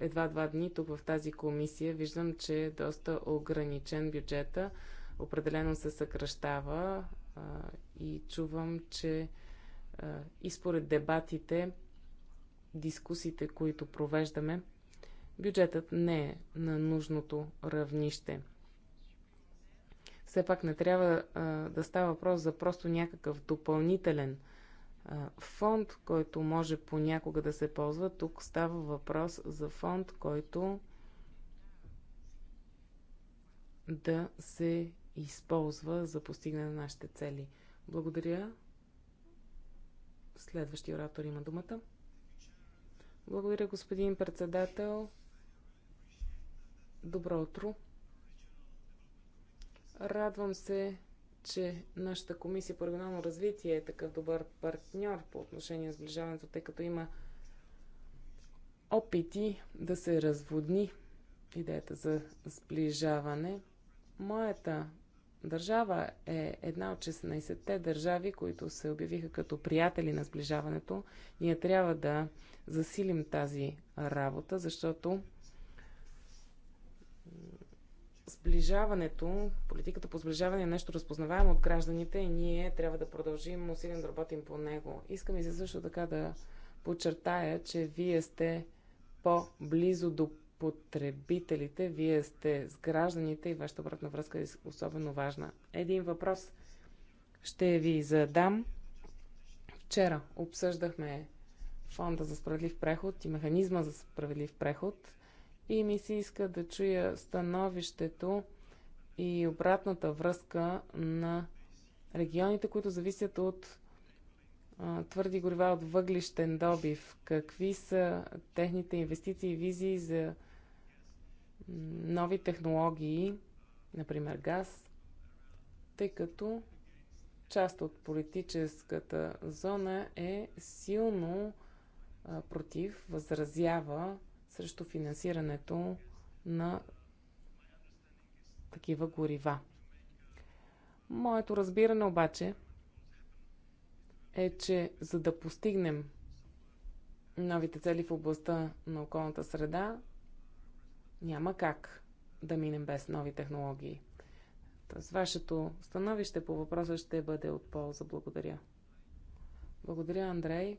едва два дни тук в тази комисия. Виждам, че е доста ограничен бюджета. Определено се съкръщава а, и чувам, че а, и според дебатите, дискусите, които провеждаме, бюджетът не е на нужното равнище. Все пак не трябва а, да става въпрос за просто някакъв допълнителен фонд, който може понякога да се ползва. Тук става въпрос за фонд, който да се използва за постигане на нашите цели. Благодаря. Следващия оратор има думата. Благодаря, господин председател. Добро утро. Радвам се, че нашата комисия по регионално развитие е такъв добър партньор по отношение на сближаването, тъй като има опити да се разводни идеята за сближаване. Моята държава е една от 16-те държави, които се обявиха като приятели на сближаването. Ние трябва да засилим тази работа, защото сближаването, политиката по сближаване е нещо разпознаваемо от гражданите и ние трябва да продължим усилено да работим по него. Искам и се също така да подчертая, че вие сте по-близо до потребителите, вие сте с гражданите и вашата обратна връзка е особено важна. Един въпрос ще ви задам. Вчера обсъждахме фонда за справедлив преход и механизма за справедлив преход и ми се иска да чуя становището и обратната връзка на регионите, които зависят от а, твърди горива от въглищен добив. Какви са техните инвестиции и визии за нови технологии, например газ, тъй като част от политическата зона е силно а, против, възразява срещу финансирането на такива горива. Моето разбиране обаче е, че за да постигнем новите цели в областта на околната среда, няма как да минем без нови технологии. Тоест, вашето становище по въпроса ще бъде от полза. Благодаря. Благодаря, Андрей.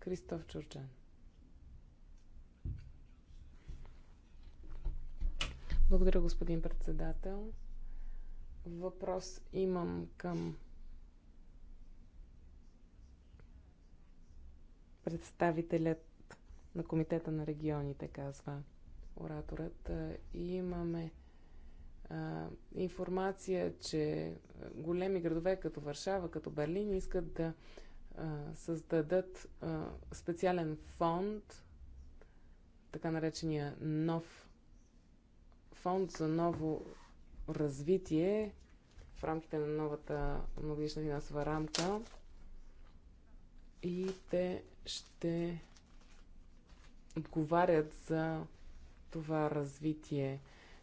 Кристоф Чурчен. Благодаря, господин председател. Въпрос имам към представителят на Комитета на регионите, казва ораторът. И имаме а, информация, че големи градове като Варшава, като Берлин искат да а, създадат а, специален фонд, така наречения нов фонд за ново развитие в рамките на новата многогодишна финансова рамка и те ще отговарят за това развитие.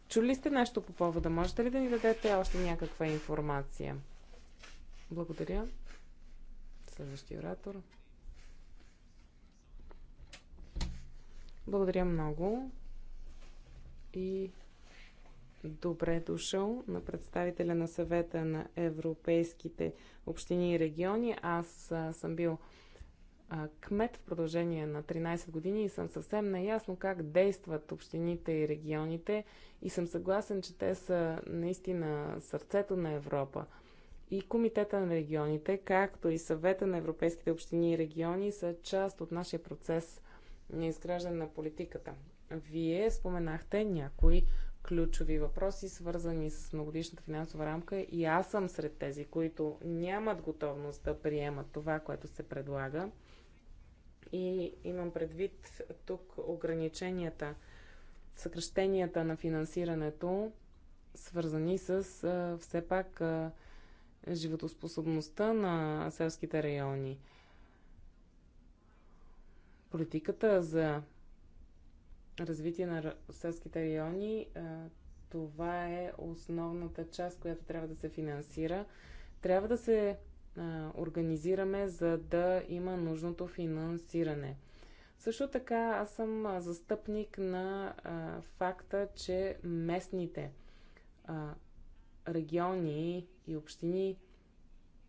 Чули сте нещо по повода? Можете ли да ни дадете още някаква информация? Благодаря. Следващия оратор. Благодаря много. И добре дошъл на представителя на съвета на европейските общини и региони. Аз а, съм бил а, кмет в продължение на 13 години и съм съвсем наясно как действат общините и регионите и съм съгласен, че те са наистина сърцето на Европа. И Комитета на регионите, както и съвета на европейските общини и региони са част от нашия процес на изграждане на политиката. Вие споменахте някои ключови въпроси, свързани с многодишната финансова рамка и аз съм сред тези, които нямат готовност да приемат това, което се предлага. И имам предвид тук ограниченията, съкръщенията на финансирането, свързани с все пак животоспособността на селските райони. Политиката за развитие на селските райони. Това е основната част, която трябва да се финансира. Трябва да се организираме, за да има нужното финансиране. Също така аз съм застъпник на а, факта, че местните а, региони и общини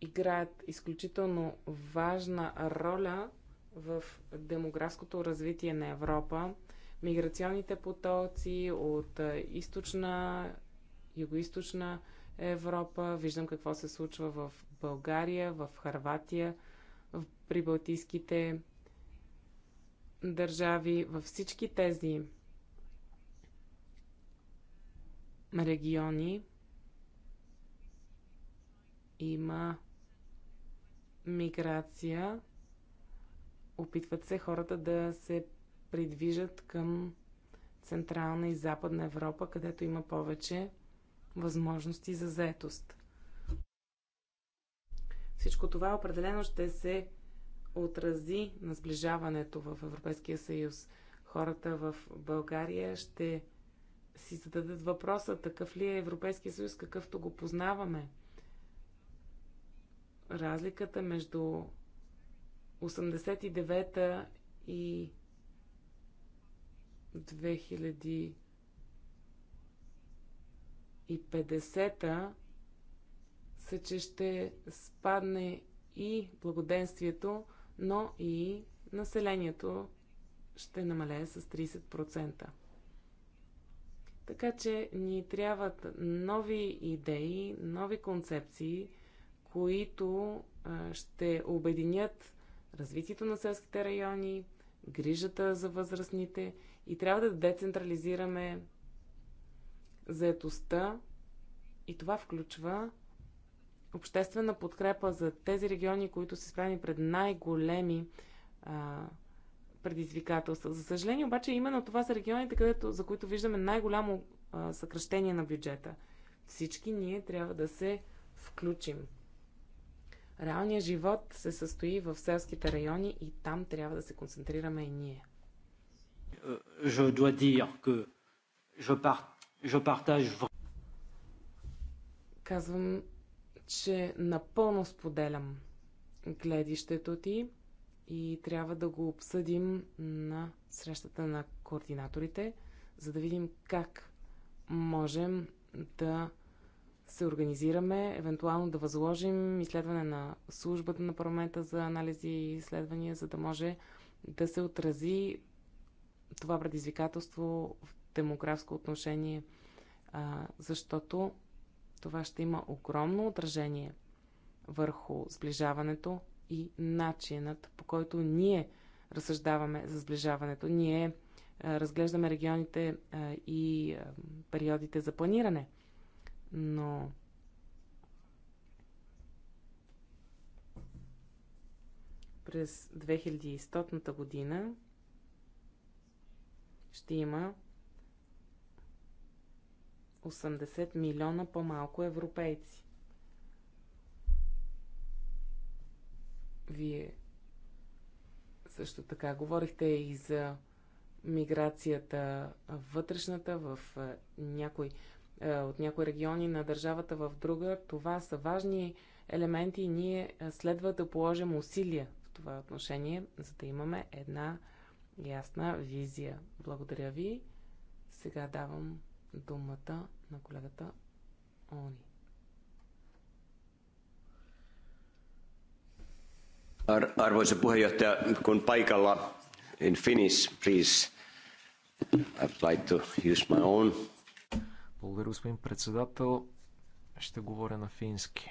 играят изключително важна роля в демографското развитие на Европа миграционните потоци от източна, югоизточна Европа. Виждам какво се случва в България, в Харватия, в прибалтийските държави, във всички тези региони има миграция. Опитват се хората да се придвижат към Централна и Западна Европа, където има повече възможности за заетост. Всичко това определено ще се отрази на сближаването в Европейския съюз. Хората в България ще си зададат въпроса такъв ли е Европейския съюз, какъвто го познаваме. Разликата между 89-та и 2050 са, че ще спадне и благоденствието, но и населението ще намалее с 30%. Така че ни трябват нови идеи, нови концепции, които ще обединят развитието на селските райони, грижата за възрастните и трябва да децентрализираме заетостта и това включва обществена подкрепа за тези региони, които са справени пред най-големи предизвикателства. За съжаление обаче именно това са регионите, където, за които виждаме най-голямо съкръщение на бюджета. Всички ние трябва да се включим. Реалният живот се състои в селските райони и там трябва да се концентрираме и ние. Euh, je dois dire que je, par, je partage Казвам, че напълно споделям гледището ти и трябва да го обсъдим на срещата на координаторите, за да видим как можем да се организираме, евентуално да възложим изследване на службата на парламента за анализи и изследвания, за да може да се отрази това предизвикателство в демографско отношение, а, защото това ще има огромно отражение върху сближаването и начинът по който ние разсъждаваме за сближаването. Ние а, разглеждаме регионите а, и а, периодите за планиране, но през 2100 година ще има 80 милиона по-малко европейци. Вие също така говорихте и за миграцията вътрешната в е, някой, е, от някои региони на държавата в друга. Това са важни елементи и ние е, следва да положим усилия в това отношение, за да имаме една ясна визия. Благодаря ви. Сега давам думата на колегата Они. Arvoisa puheenjohtaja, kun paikalla in Finnish, please, I'd like to use my own. Благодаря, господин председател. Ще говоря на фински.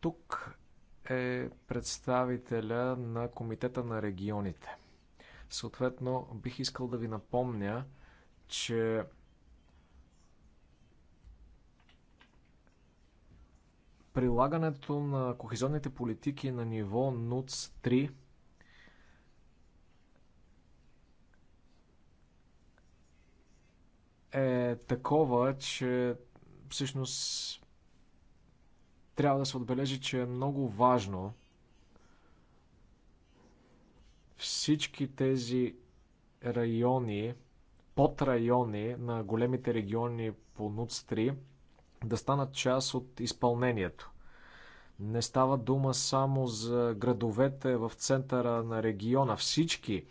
Тук е представителя на Комитета на регионите. Съответно, бих искал да ви напомня, че прилагането на кохезионните политики на ниво НУЦ 3 е такова, че всъщност трябва да се отбележи, че е много важно всички тези райони, подрайони на големите региони по НУЦ-3 да станат част от изпълнението. Не става дума само за градовете в центъра на региона. Всички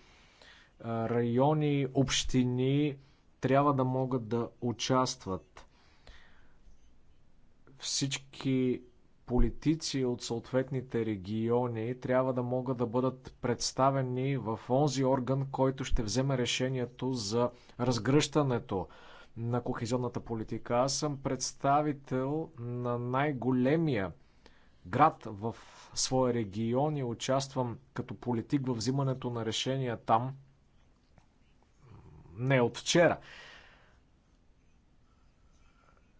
райони, общини трябва да могат да участват. Всички политици от съответните региони трябва да могат да бъдат представени в онзи орган, който ще вземе решението за разгръщането на кохезионната политика. Аз съм представител на най-големия град в своя регион и участвам като политик в взимането на решения там. Не от вчера.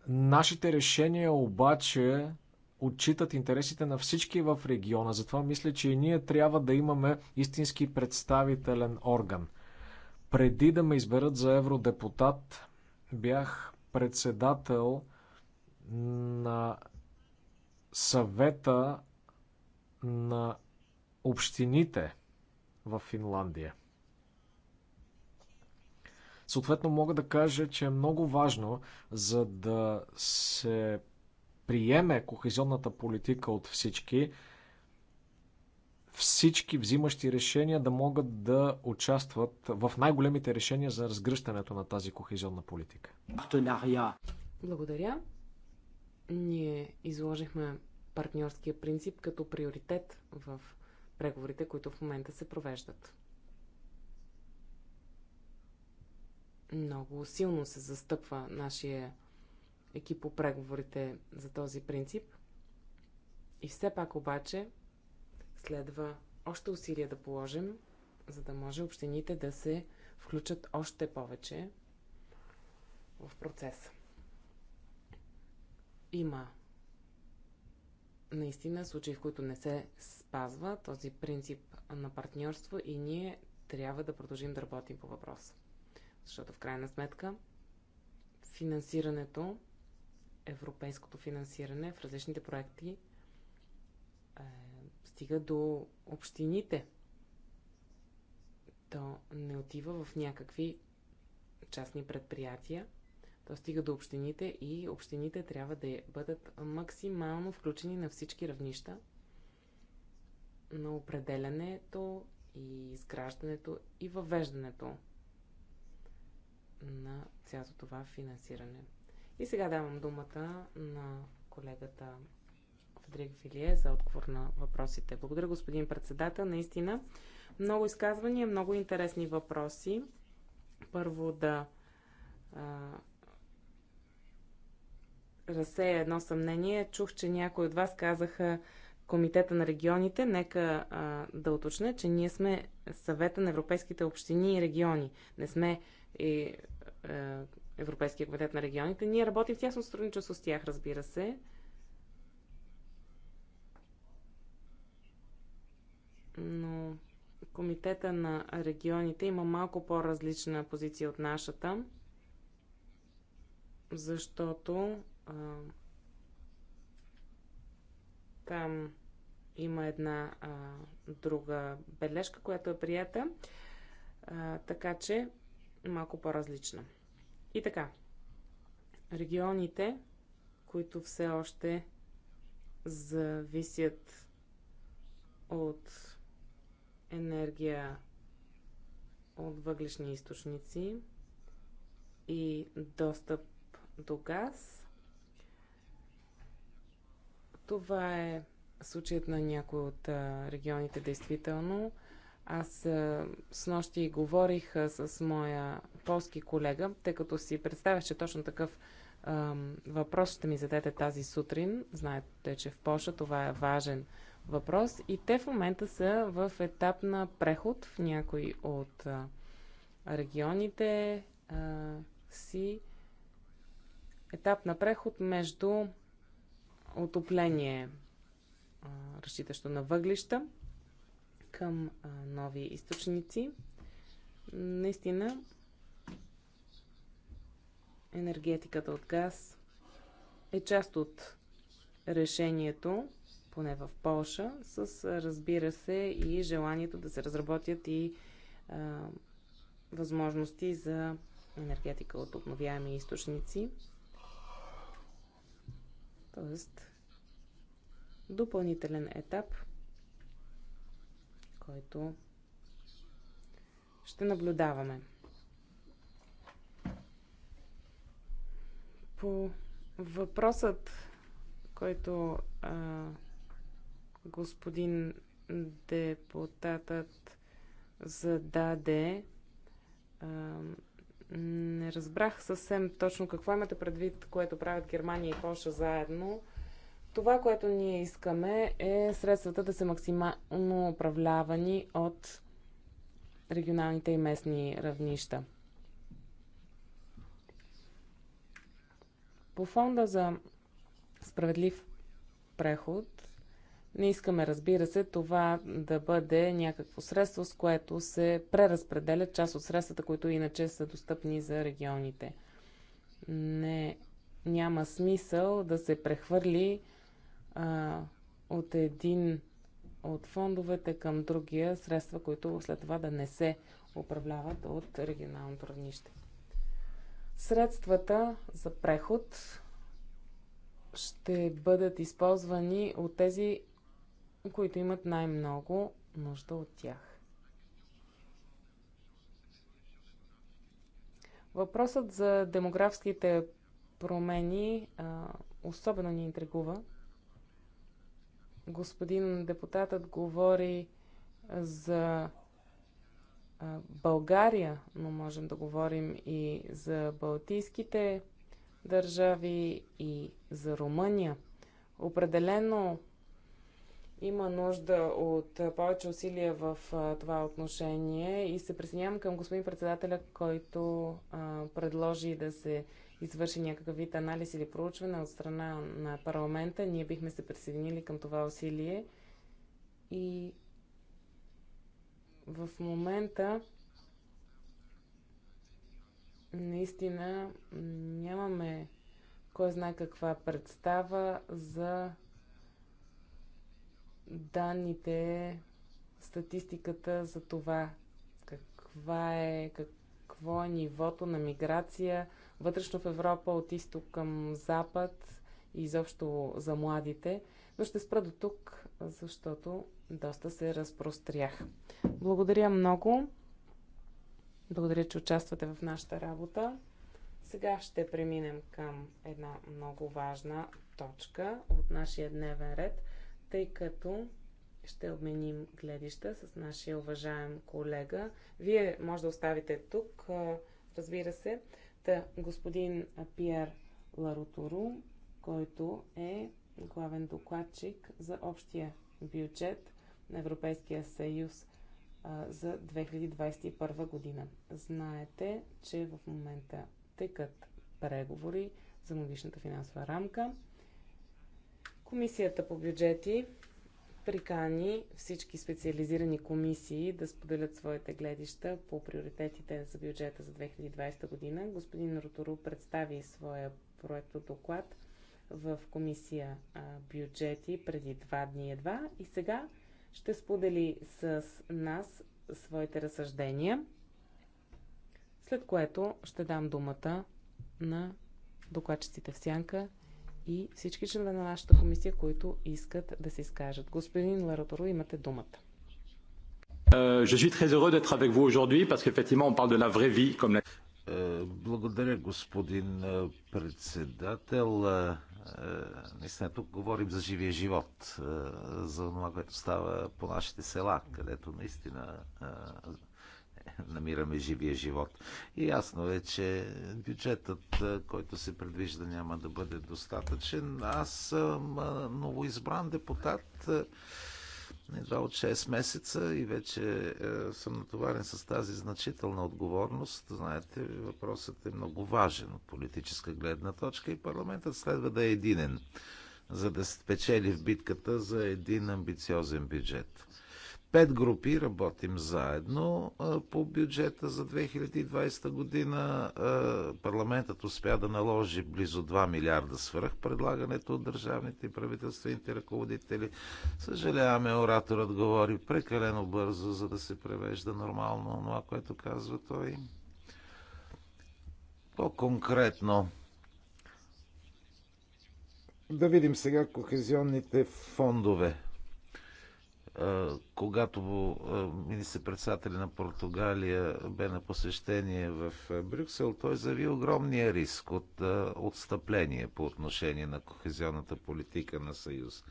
Нашите решения обаче отчитат интересите на всички в региона. Затова мисля, че и ние трябва да имаме истински представителен орган. Преди да ме изберат за евродепутат, бях председател на съвета на общините в Финландия. Съответно мога да кажа, че е много важно, за да се приеме кохезионната политика от всички, всички взимащи решения да могат да участват в най-големите решения за разгръщането на тази кохезионна политика. Благодаря. Ние изложихме партньорския принцип като приоритет в преговорите, които в момента се провеждат. Много силно се застъпва нашия екип по преговорите за този принцип. И все пак обаче следва още усилия да положим, за да може общините да се включат още повече в процеса. Има наистина случаи, в които не се спазва този принцип на партньорство и ние трябва да продължим да работим по въпроса. Защото в крайна сметка финансирането европейското финансиране в различните проекти е, стига до общините. То не отива в някакви частни предприятия. То стига до общините и общините трябва да бъдат максимално включени на всички равнища на определянето и изграждането и въвеждането на цялото това финансиране. И сега давам думата на колегата Федрик Вилие за отговор на въпросите. Благодаря, господин председател. Наистина, много изказвания, много интересни въпроси. Първо да а, разсея едно съмнение. Чух, че някои от вас казаха Комитета на регионите. Нека а, да уточня, че ние сме съвета на европейските общини и региони. Не сме и, а, Европейския комитет на регионите. Ние работим в тясно сътрудничество с тях, разбира се. Но комитета на регионите има малко по-различна позиция от нашата, защото а, там има една а, друга бележка, която е прията, а, така че малко по-различна. И така, регионите, които все още зависят от енергия от въглешни източници и достъп до газ. Това е случаят на някои от регионите, действително. Аз с нощи говорих с моя полски колега, тъй като си представях, че точно такъв ам, въпрос ще ми зададете тази сутрин. Знаете, че в Польша това е важен въпрос. И те в момента са в етап на преход в някои от а, регионите а, си. Етап на преход между отопление, а, разчитащо на въглища, към а, нови източници. Наистина, енергетиката от газ е част от решението, поне в Польша, с разбира се и желанието да се разработят и а, възможности за енергетика от обновяеми източници. Тоест, допълнителен етап – който ще наблюдаваме. По въпросът, който а, господин депутатът зададе, а, не разбрах съвсем точно какво имате предвид, което правят Германия и Польша заедно. Това, което ние искаме е средствата да са максимално управлявани от регионалните и местни равнища. По фонда за справедлив преход не искаме, разбира се, това да бъде някакво средство, с което се преразпределят част от средствата, които иначе са достъпни за регионите. Не, няма смисъл да се прехвърли а, от един от фондовете към другия средства, които след това да не се управляват от регионалното равнище. Средствата за преход ще бъдат използвани от тези, които имат най-много нужда от тях. Въпросът за демографските промени а, особено ни интригува, господин депутатът говори за България, но можем да говорим и за Балтийските държави и за Румъния. Определено има нужда от повече усилия в това отношение и се присъединявам към господин председателя, който а, предложи да се извърши някакъв вид анализ или проучване от страна на парламента, ние бихме се присъединили към това усилие. И в момента наистина нямаме кой знае каква представа за данните, статистиката за това каква е, какво е нивото на миграция, вътрешно в Европа, от изток към запад и изобщо за младите. Но ще спра до тук, защото доста се разпрострях. Благодаря много. Благодаря, че участвате в нашата работа. Сега ще преминем към една много важна точка от нашия дневен ред, тъй като ще обменим гледища с нашия уважаем колега. Вие може да оставите тук, разбира се, Та, господин Пиер Ларутору, който е главен докладчик за общия бюджет на Европейския съюз а, за 2021 година. Знаете, че в момента текат преговори за новишната финансова рамка. Комисията по бюджети прикани всички специализирани комисии да споделят своите гледища по приоритетите за бюджета за 2020 година. Господин Ротору представи своя проект доклад в комисия бюджети преди два дни едва и сега ще сподели с нас своите разсъждения, след което ще дам думата на докладчиците в сянка и всички членове на нашата комисия, които искат да се изкажат. Господин Лараторо, имате думата. Е, je suis très heureux d'être avec vous aujourd'hui parce qu'effectivement on parle de la vraie vie comme la... Е, благодаря, господин е, председател. Наистина тук говорим за живия живот, за това, което става по нашите села, където наистина (laughs) намираме живия живот. И ясно е, че бюджетът, който се предвижда, няма да бъде достатъчен. Аз съм новоизбран депутат едва от 6 месеца и вече съм натоварен с тази значителна отговорност. Знаете, въпросът е много важен от политическа гледна точка и парламентът следва да е единен, за да спечели в битката за един амбициозен бюджет. Пет групи работим заедно по бюджета за 2020 година. Парламентът успя да наложи близо 2 милиарда свръх предлагането от държавните и правителствените ръководители. Съжаляваме, ораторът говори прекалено бързо, за да се превежда нормално това, което казва той. По-конкретно. Да видим сега кохезионните фондове когато министър-председателя на Португалия бе на посещение в Брюксел, той заяви огромния риск от отстъпление по отношение на кохезионната политика на Съюз.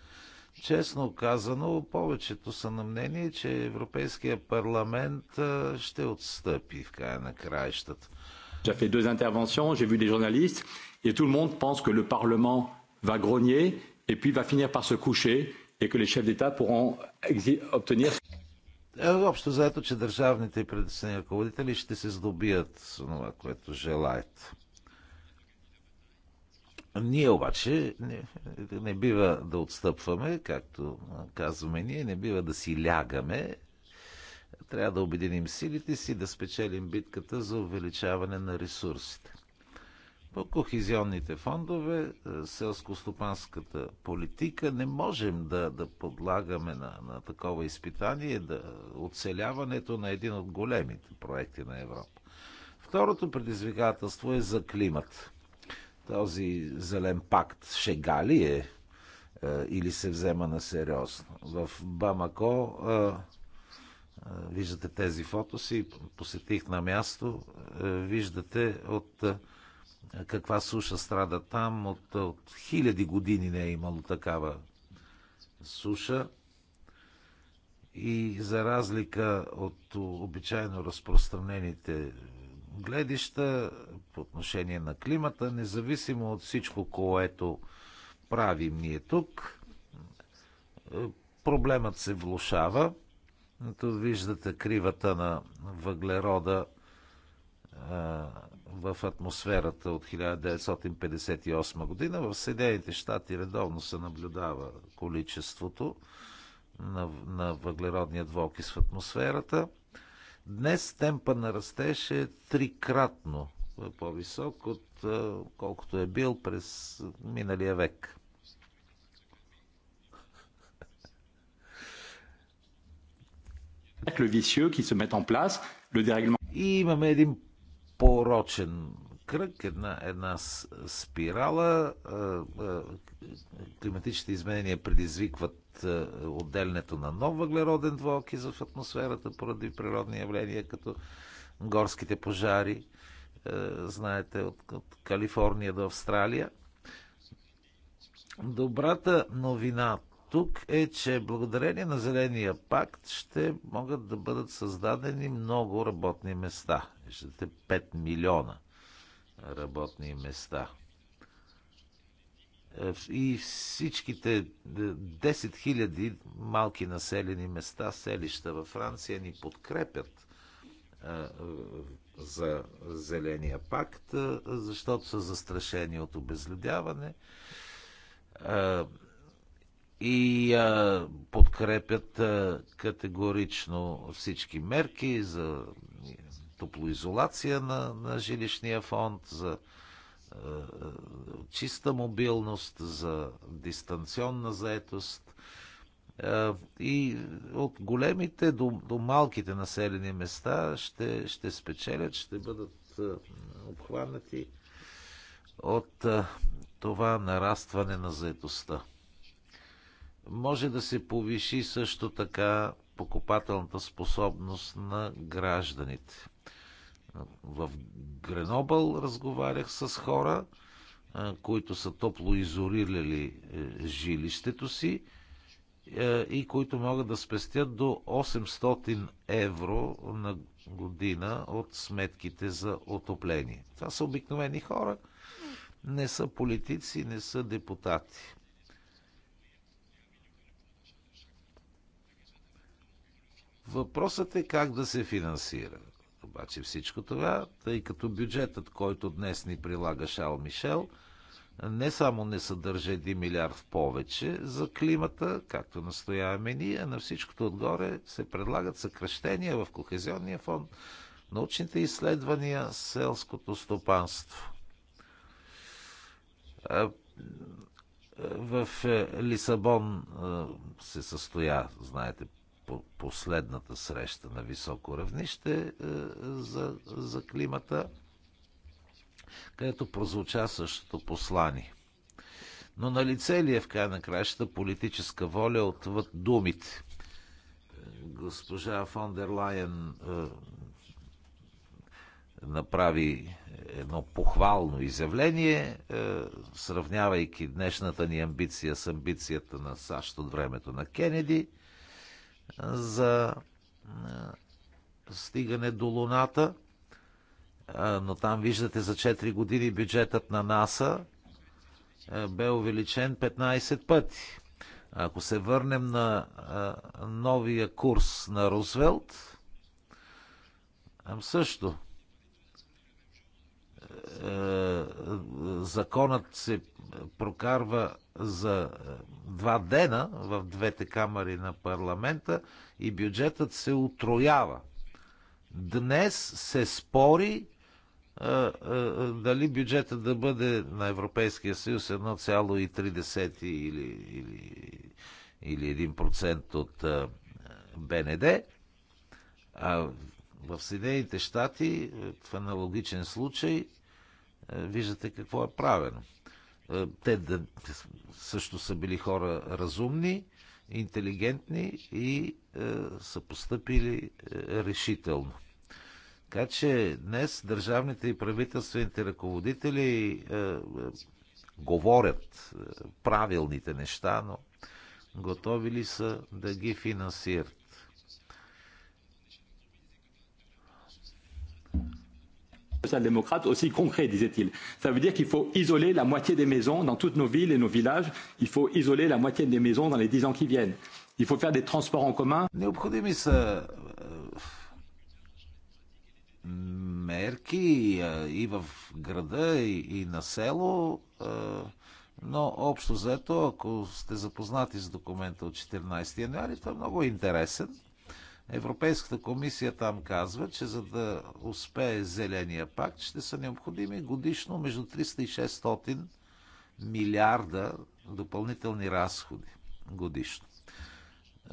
Честно казано, повечето са на мнение, че Европейския парламент ще отстъпи в края на краищата. J'ai fait deux interventions, j'ai vu des journalistes et tout le monde pense que le Parlement va grogner et puis va finir par se coucher и que шеф дитат d'État pourront е, Общо заето, че държавните и правителствени ръководители ще се здобият с това, което желаят. Ние обаче не, не бива да отстъпваме, както казваме ние, не бива да си лягаме. Трябва да обединим силите си, да спечелим битката за увеличаване на ресурсите. По Кохизионните фондове, е, селско-стопанската политика не можем да, да подлагаме на, на такова изпитание да, оцеляването на един от големите проекти на Европа. Второто предизвикателство е за климат. Този зелен пакт шега ли е, е или се взема на сериозно? В Бамако е, виждате тези фотоси, посетих на място, виждате от каква суша страда там. От, от хиляди години не е имало такава суша. И за разлика от обичайно разпространените гледища по отношение на климата, независимо от всичко, което правим ние тук, проблемът се влушава. Ето виждате кривата на въглерода в атмосферата от 1958 година. В Съединените щати редовно се наблюдава количеството на, на въглеродния двокис в атмосферата. Днес темпа на растеж е трикратно по-висок от колкото е бил през миналия век. И имаме един порочен кръг, една, една спирала. Климатичните изменения предизвикват отделянето на нов въглероден двуокис в атмосферата поради природни явления, като горските пожари, знаете, от, от Калифорния до Австралия. Добрата новина тук е, че благодарение на Зеления пакт ще могат да бъдат създадени много работни места Виждате, 5 милиона работни места. Е, и всичките 10 е, 000 малки населени места, селища във Франция ни подкрепят е, за Зеления пакт, защото са застрашени от обезлюдяване и подкрепят категорично всички мерки за топлоизолация на, на жилищния фонд, за е, е, чиста мобилност, за дистанционна заетост. Е, и от големите до, до малките населени места ще, ще спечелят, ще бъдат е, обхванати от е, това нарастване на заетостта. Може да се повиши също така покупателната способност на гражданите. В Гренобъл разговарях с хора, които са топло изорирали е, жилището си е, и които могат да спестят до 800 евро на година от сметките за отопление. Това са обикновени хора, не са политици, не са депутати. Въпросът е как да се финансира. Обаче всичко това, тъй като бюджетът, който днес ни прилага Шал Мишел, не само не съдържа 1 милиард повече за климата, както настояваме ние, на всичкото отгоре се предлагат съкръщения в Кохезионния фонд, научните изследвания, селското стопанство. В е, Лисабон е, се състоя, знаете, по последната среща на високо равнище е, за, за климата, където прозвуча същото послание. Но на лице ли е в край на краищата политическа воля отвъд думите? Госпожа фон дер Лайен е, направи едно похвално изявление, е, сравнявайки днешната ни амбиция с амбицията на САЩ от времето на Кенеди – за стигане до Луната, но там виждате за 4 години бюджетът на НАСА бе увеличен 15 пъти. Ако се върнем на новия курс на Рузвелт, също законът се прокарва за два дена в двете камери на парламента и бюджетът се отроява. Днес се спори е, е, дали бюджета да бъде на Европейския съюз 1,3 или, или, или 1% от е, БНД. А в Съединените щати в аналогичен случай е, виждате какво е правено. Е, те да, също са били хора разумни, интелигентни и е, са поступили е, решително. Така че днес държавните и правителствените ръководители е, е, говорят е, правилните неща, но готови ли са да ги финансират? social-démocrate aussi concret, disait-il. Ça veut dire qu'il faut isoler la moitié des maisons dans toutes nos villes et nos villages. Il faut isoler la moitié des maisons dans les dix ans qui viennent. Il faut faire des transports en commun. Необходими са мерки и в града, и и на село, но общо заето, ако сте запознати с документа от 14 януари, това е много интересен Европейската комисия там казва, че за да успее зеления пакт, ще са необходими годишно между 300 и 600 милиарда допълнителни разходи годишно.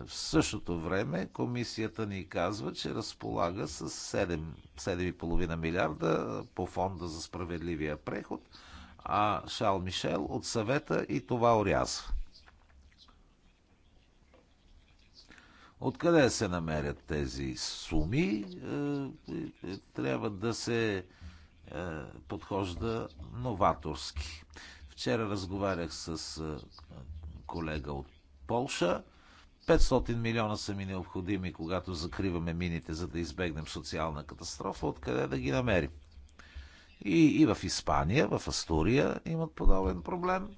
В същото време комисията ни казва, че разполага с 7, 7,5 милиарда по фонда за справедливия преход, а Шал Мишел от съвета и това орязва. Откъде се намерят тези суми? Е, е, трябва да се е, подхожда новаторски. Вчера разговарях с колега от Полша. 500 милиона са ми необходими, когато закриваме мините, за да избегнем социална катастрофа. Откъде да ги намерим? И, и в Испания, в Астурия имат подобен проблем.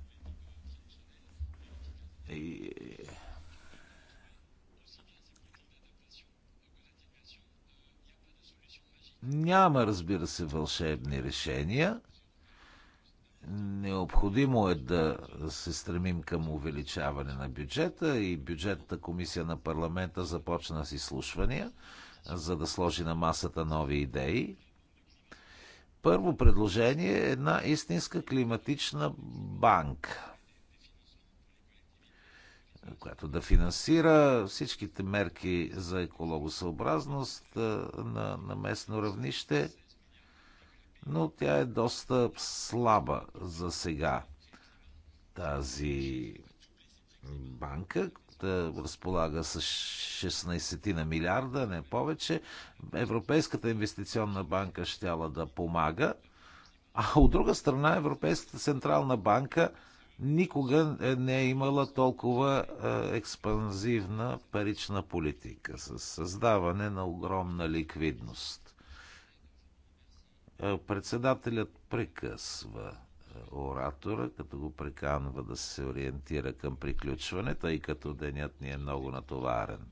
И, Няма, разбира се, вълшебни решения. Необходимо е да се стремим към увеличаване на бюджета и бюджетната комисия на парламента започна с изслушвания, за да сложи на масата нови идеи. Първо предложение е една истинска климатична банка която да финансира всичките мерки за екологосъобразност на, на местно равнище, но тя е доста слаба за сега. Тази банка да разполага с 16 на милиарда, не повече. Европейската инвестиционна банка щяла да помага, а от друга страна Европейската централна банка – никога не е имала толкова е, експанзивна парична политика с създаване на огромна ликвидност. Е, председателят прекъсва е, оратора, като го приканва да се ориентира към приключване, тъй като денят ни е много натоварен.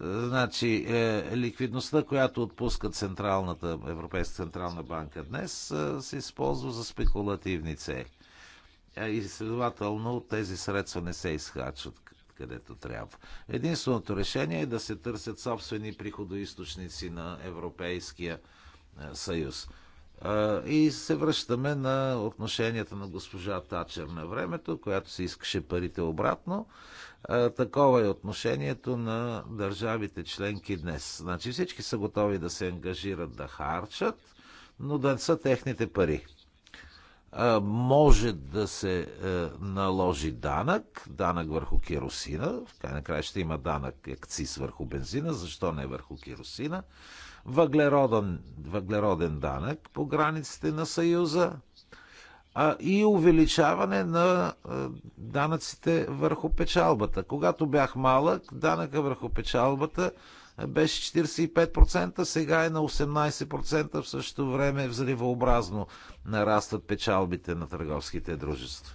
Значи, е, ликвидността, която отпуска Централната, Европейска Централна банка днес, е, се използва за спекулативни цели. Е, и следователно тези средства не се изхачват където трябва. Единственото решение е да се търсят собствени приходоисточници на Европейския е, съюз. Е, и се връщаме на отношенията на госпожа Тачер на времето, която се искаше парите обратно. Такова е отношението на държавите членки днес. Значи всички са готови да се ангажират да харчат, но да не са техните пари може да се е, наложи данък, данък върху керосина, в крайна края ще има данък акциз върху бензина, защо не върху керосина, въглероден, въглероден данък по границите на Съюза а и увеличаване на е, данъците върху печалбата. Когато бях малък, данъка върху печалбата беше 45%, сега е на 18%, в същото време взривообразно нарастват печалбите на търговските дружества.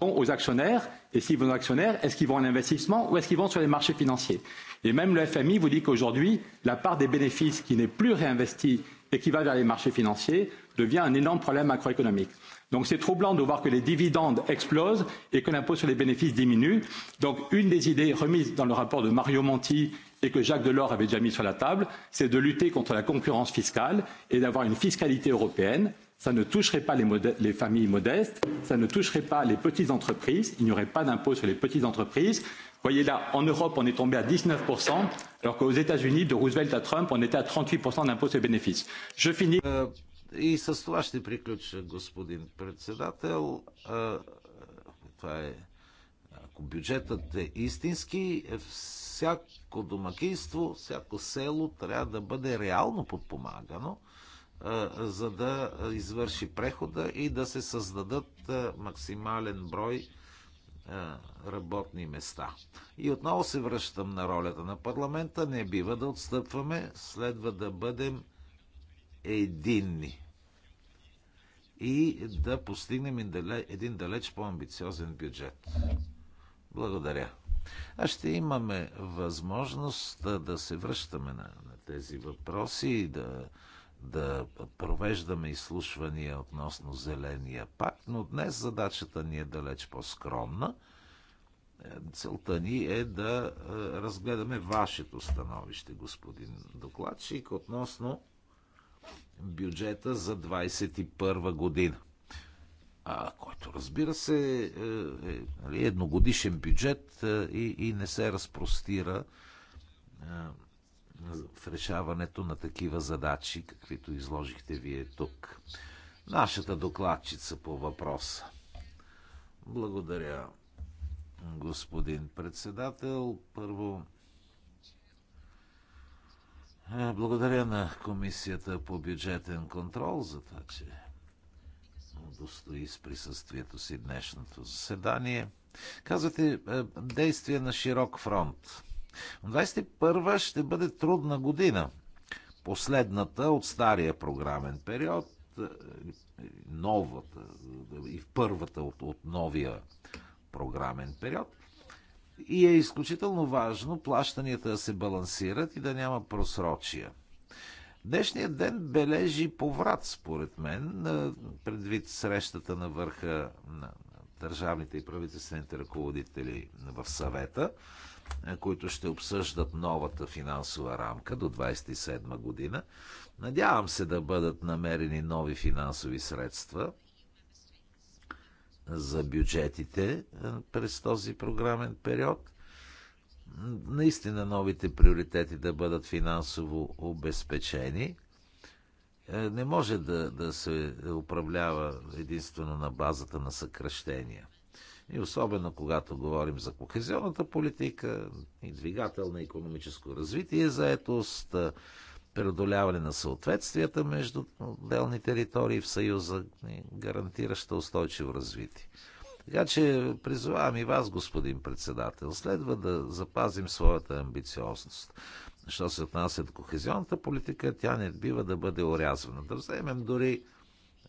aux actionnaires, et s'ils vont aux actionnaires, est-ce qu'ils vont en investissement ou est-ce qu'ils vont sur les marchés financiers Et même le FMI vous dit qu'aujourd'hui, la part des bénéfices qui n'est plus réinvestie et qui va vers les marchés financiers devient un énorme problème macroéconomique. Donc c'est troublant de voir que les dividendes explosent et que l'impôt sur les bénéfices diminue. Donc une des idées remises dans le rapport de Mario Monti et que Jacques Delors avait déjà mis sur la table, c'est de lutter contre la concurrence fiscale et d'avoir une fiscalité européenne. Ça ne toucherait pas les, les familles modestes, ça ne toucherait pas les petites entreprises, il n'y aurait pas d'impôt sur les petites entreprises. Voyez là, en Europe, on est tombé à 19%, alors qu'aux États-Unis, de Roosevelt à Trump, on était à 38% d'impôt sur les bénéfices. Je finis. Euh, и с това ще приключа, господин председател. Това е. Ако бюджетът е истински, е всяко домакинство, всяко село трябва да бъде реално подпомагано, за да извърши прехода и да се създадат максимален брой работни места. И отново се връщам на ролята на парламента. Не бива да отстъпваме, следва да бъдем единни и да постигнем един далеч по-амбициозен бюджет. Благодаря. А ще имаме възможност да, да се връщаме на, на тези въпроси и да, да провеждаме изслушвания относно Зеления пакт, но днес задачата ни е далеч по-скромна. Е, целта ни е да е, разгледаме вашето становище, господин докладчик, относно бюджета за 2021 година. А, който разбира се е, е нали, едногодишен бюджет е, и, и не се разпростира е, в решаването на такива задачи, каквито изложихте вие тук. Нашата докладчица по въпроса. Благодаря, господин председател. Първо благодаря на Комисията по бюджетен контрол за това, че удостои с присъствието си днешното заседание. Казвате, е, действие на широк фронт. 21 ще бъде трудна година. Последната от стария програмен период, е, новата е, и първата от, от новия програмен период. И е изключително важно плащанията да се балансират и да няма просрочия. Днешният ден бележи поврат, според мен, предвид срещата на върха на държавните и правителствените ръководители в съвета, които ще обсъждат новата финансова рамка до 27 година. Надявам се да бъдат намерени нови финансови средства за бюджетите е, през този програмен период. Наистина новите приоритети да бъдат финансово обезпечени. Е, не може да, да се управлява единствено на базата на съкръщения. И особено когато говорим за кохезионната политика, и двигател на економическо развитие, заетост, преодоляване на съответствията между отделни територии в Съюза, гарантираща устойчиво развитие. Така че призовавам и вас, господин председател, следва да запазим своята амбициозност. Що се отнася до кохезионната политика, тя не бива да бъде орязвана. Да вземем дори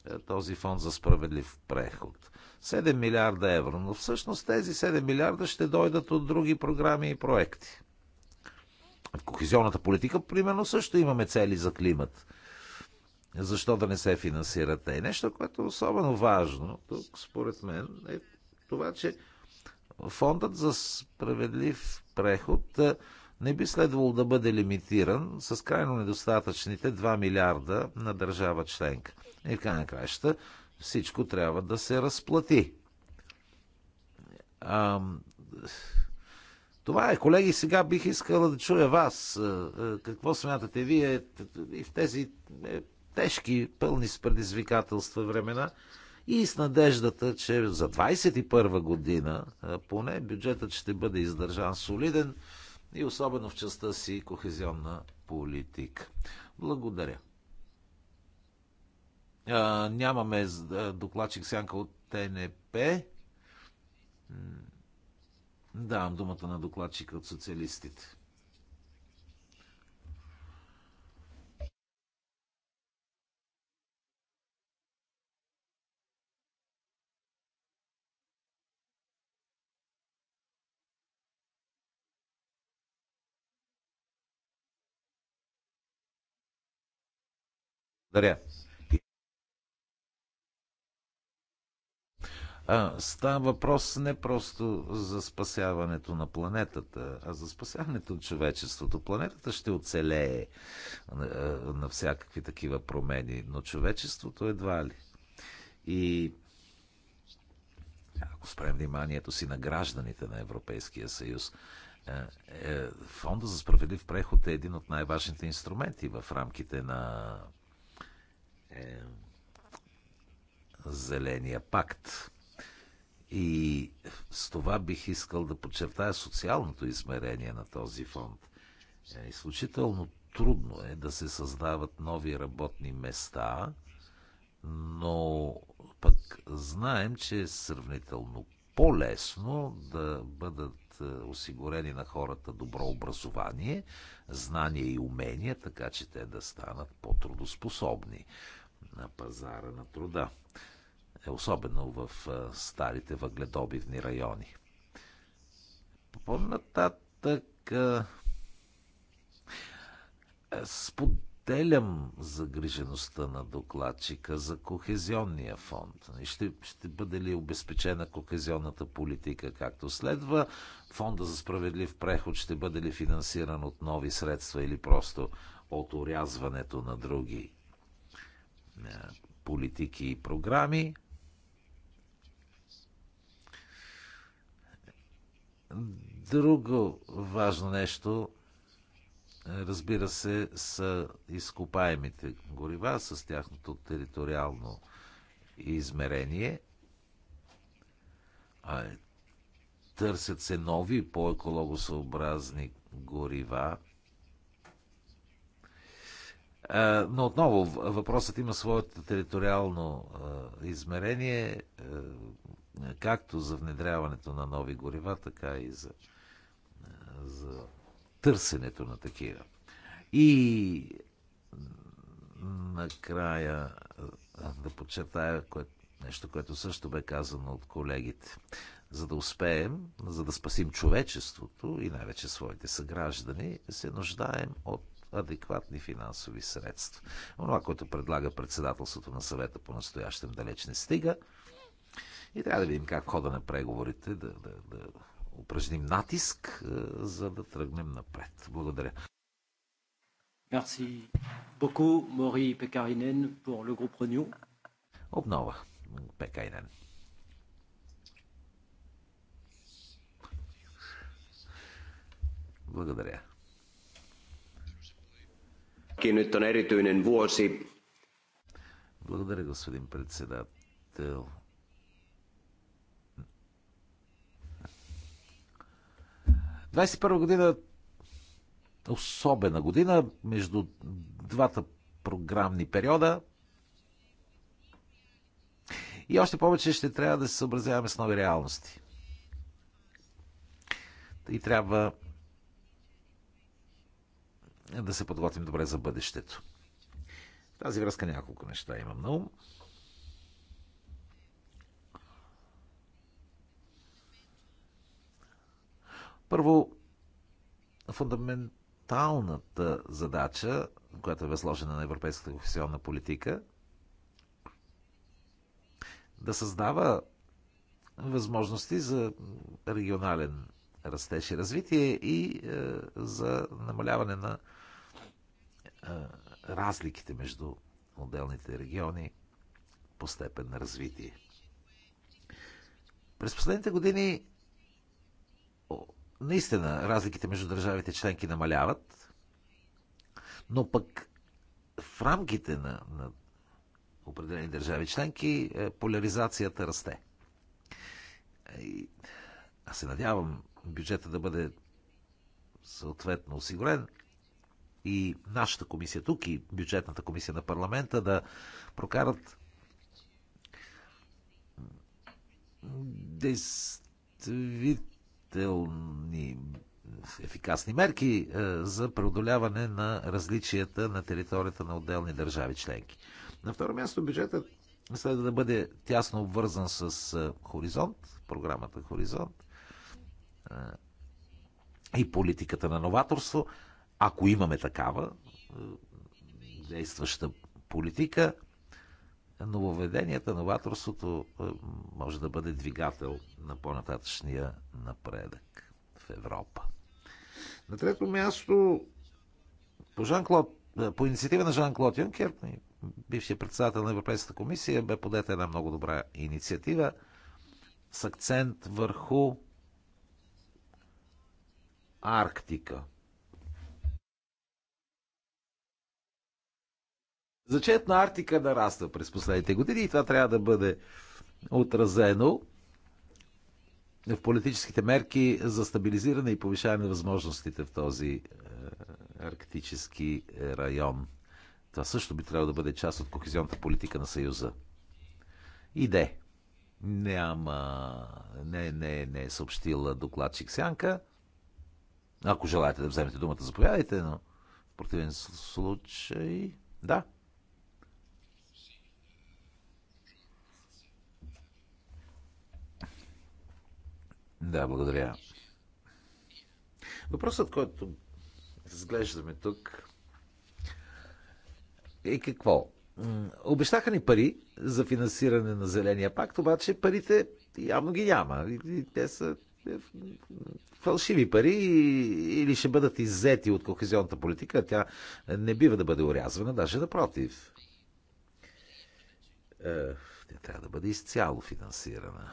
е, този фонд за справедлив преход. 7 милиарда евро, но всъщност тези 7 милиарда ще дойдат от други програми и проекти. В кохезионната политика, примерно, също имаме цели за климат. Защо да не се финансират те? Нещо, което е особено важно, тук, според мен, е това, че фондът за справедлив преход е, не би следвало да бъде лимитиран с крайно недостатъчните 2 милиарда на държава членка. И в крайна краща всичко трябва да се разплати. А, това е, колеги, сега бих искала да чуя вас. Е, е, какво смятате вие е, и в тези тежки, пълни с предизвикателства времена и с надеждата, че за 21 година поне бюджетът ще бъде издържан солиден и особено в частта си кохезионна политика. Благодаря. А, нямаме докладчик сянка от ТНП. Давам думата на докладчика от социалистите. Благодаря. Става въпрос не просто за спасяването на планетата, а за спасяването на човечеството. Планетата ще оцелее на всякакви такива промени, но човечеството едва ли. И ако спрем вниманието си на гражданите на Европейския съюз, е, Фонда за справедлив преход е един от най-важните инструменти в рамките на е, Зеления пакт. И с това бих искал да подчертая социалното измерение на този фонд. Е, изключително трудно е да се създават нови работни места, но пък знаем, че е сравнително по-лесно да бъдат е, осигурени на хората добро образование, знания и умения, така че те да станат по-трудоспособни на пазара на труда. Е особено в старите въгледобивни райони. По-нататък споделям загрижеността на докладчика за кохезионния фонд. Ще, ще бъде ли обезпечена кохезионната политика както следва? Фонда за справедлив преход ще бъде ли финансиран от нови средства или просто от орязването на други политики и програми? Друго важно нещо, разбира се, са изкопаемите горива с тяхното териториално измерение. А, търсят се нови, по-екологосъобразни горива. но отново, въпросът има своето териториално измерение както за внедряването на нови горива, така и за, за търсенето на такива. И накрая да подчертая нещо, което също бе казано от колегите. За да успеем, за да спасим човечеството и най-вече своите съграждани, се нуждаем от адекватни финансови средства. Това, което предлага председателството на съвета по настоящем далеч не стига – и трябва да видим как хода на преговорите да, да, да упражним натиск, е, за да тръгнем напред. Благодаря. Merci beaucoup, pour le groupe Renew. Обнова, Пекайнен. Благодаря. Благодаря, господин председател. 21 година е особена година между двата програмни периода. И още повече ще трябва да се съобразяваме с нови реалности. И трябва да се подготвим добре за бъдещето. В тази връзка няколко неща имам на ум. Първо, фундаменталната задача, която е възложена на европейската кохесионна политика, да създава възможности за регионален растеж и развитие и е, за намаляване на е, разликите между отделните региони по степен на развитие. През последните години наистина разликите между държавите членки намаляват, но пък в рамките на, на определени държави членки е, поляризацията расте. И, аз се надявам бюджета да бъде съответно осигурен и нашата комисия тук и бюджетната комисия на парламента да прокарат действително ефикасни мерки е, за преодоляване на различията на територията на отделни държави членки. На второ място бюджетът следва да бъде тясно обвързан с е, Хоризонт, програмата Хоризонт е, и политиката на новаторство. Ако имаме такава действаща политика, нововеденията, новаторството е, може да бъде двигател на по-нататъчния напредък в Европа. На трето място, по, Жан Клод, е, по инициатива на Жан-Клод Юнкер, бившия председател на Европейската комисия, бе подета една много добра инициатива с акцент върху Арктика – Зачет на Арктика нараства през последните години и това трябва да бъде отразено в политическите мерки за стабилизиране и повишаване на възможностите в този е, арктически е, район. Това също би трябвало да бъде част от кохезионната политика на Съюза. Иде. Няма. Не, не, не е съобщила докладчик Сянка. Ако желаете да вземете думата, заповядайте, но в противен случай. Да. Да, благодаря. Въпросът, който разглеждаме тук е какво? Обещаха ни пари за финансиране на Зеления пакт, обаче парите явно ги няма. Те са е, фалшиви пари или ще бъдат иззети от кохезионната политика, тя не бива да бъде урязвана, даже напротив. Е, тя трябва да бъде изцяло финансирана.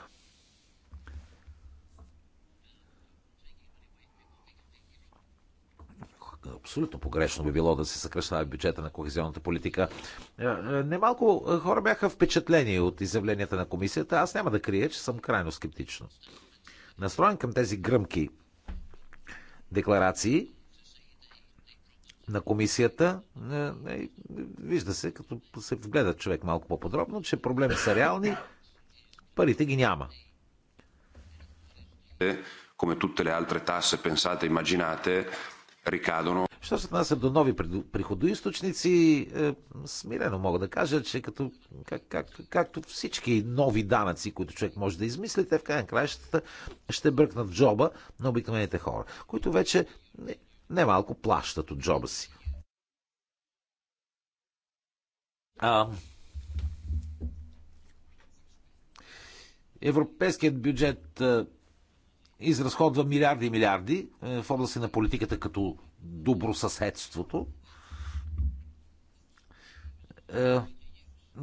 абсолютно погрешно би било да се съкръщава бюджета на кохезионната политика. Е, е, немалко хора бяха впечатлени от изявленията на комисията. Аз няма да крия, че съм крайно скептично. Настроен към тези гръмки декларации на комисията, е, вижда се, като се вгледа човек малко по-подробно, че проблеми са реални, парите ги няма come tutte le altre tasse pensate e immaginate, рикадоно. Що се отнася до нови приходоисточници, е, смирено мога да кажа, че като, как, как, както всички нови данъци, които човек може да измисли, те в край на краищата ще бръкнат в джоба на обикновените хора, които вече немалко не плащат от джоба си. А, Европейският бюджет е, изразходва милиарди и милиарди е, в области на политиката като добросъседството, е,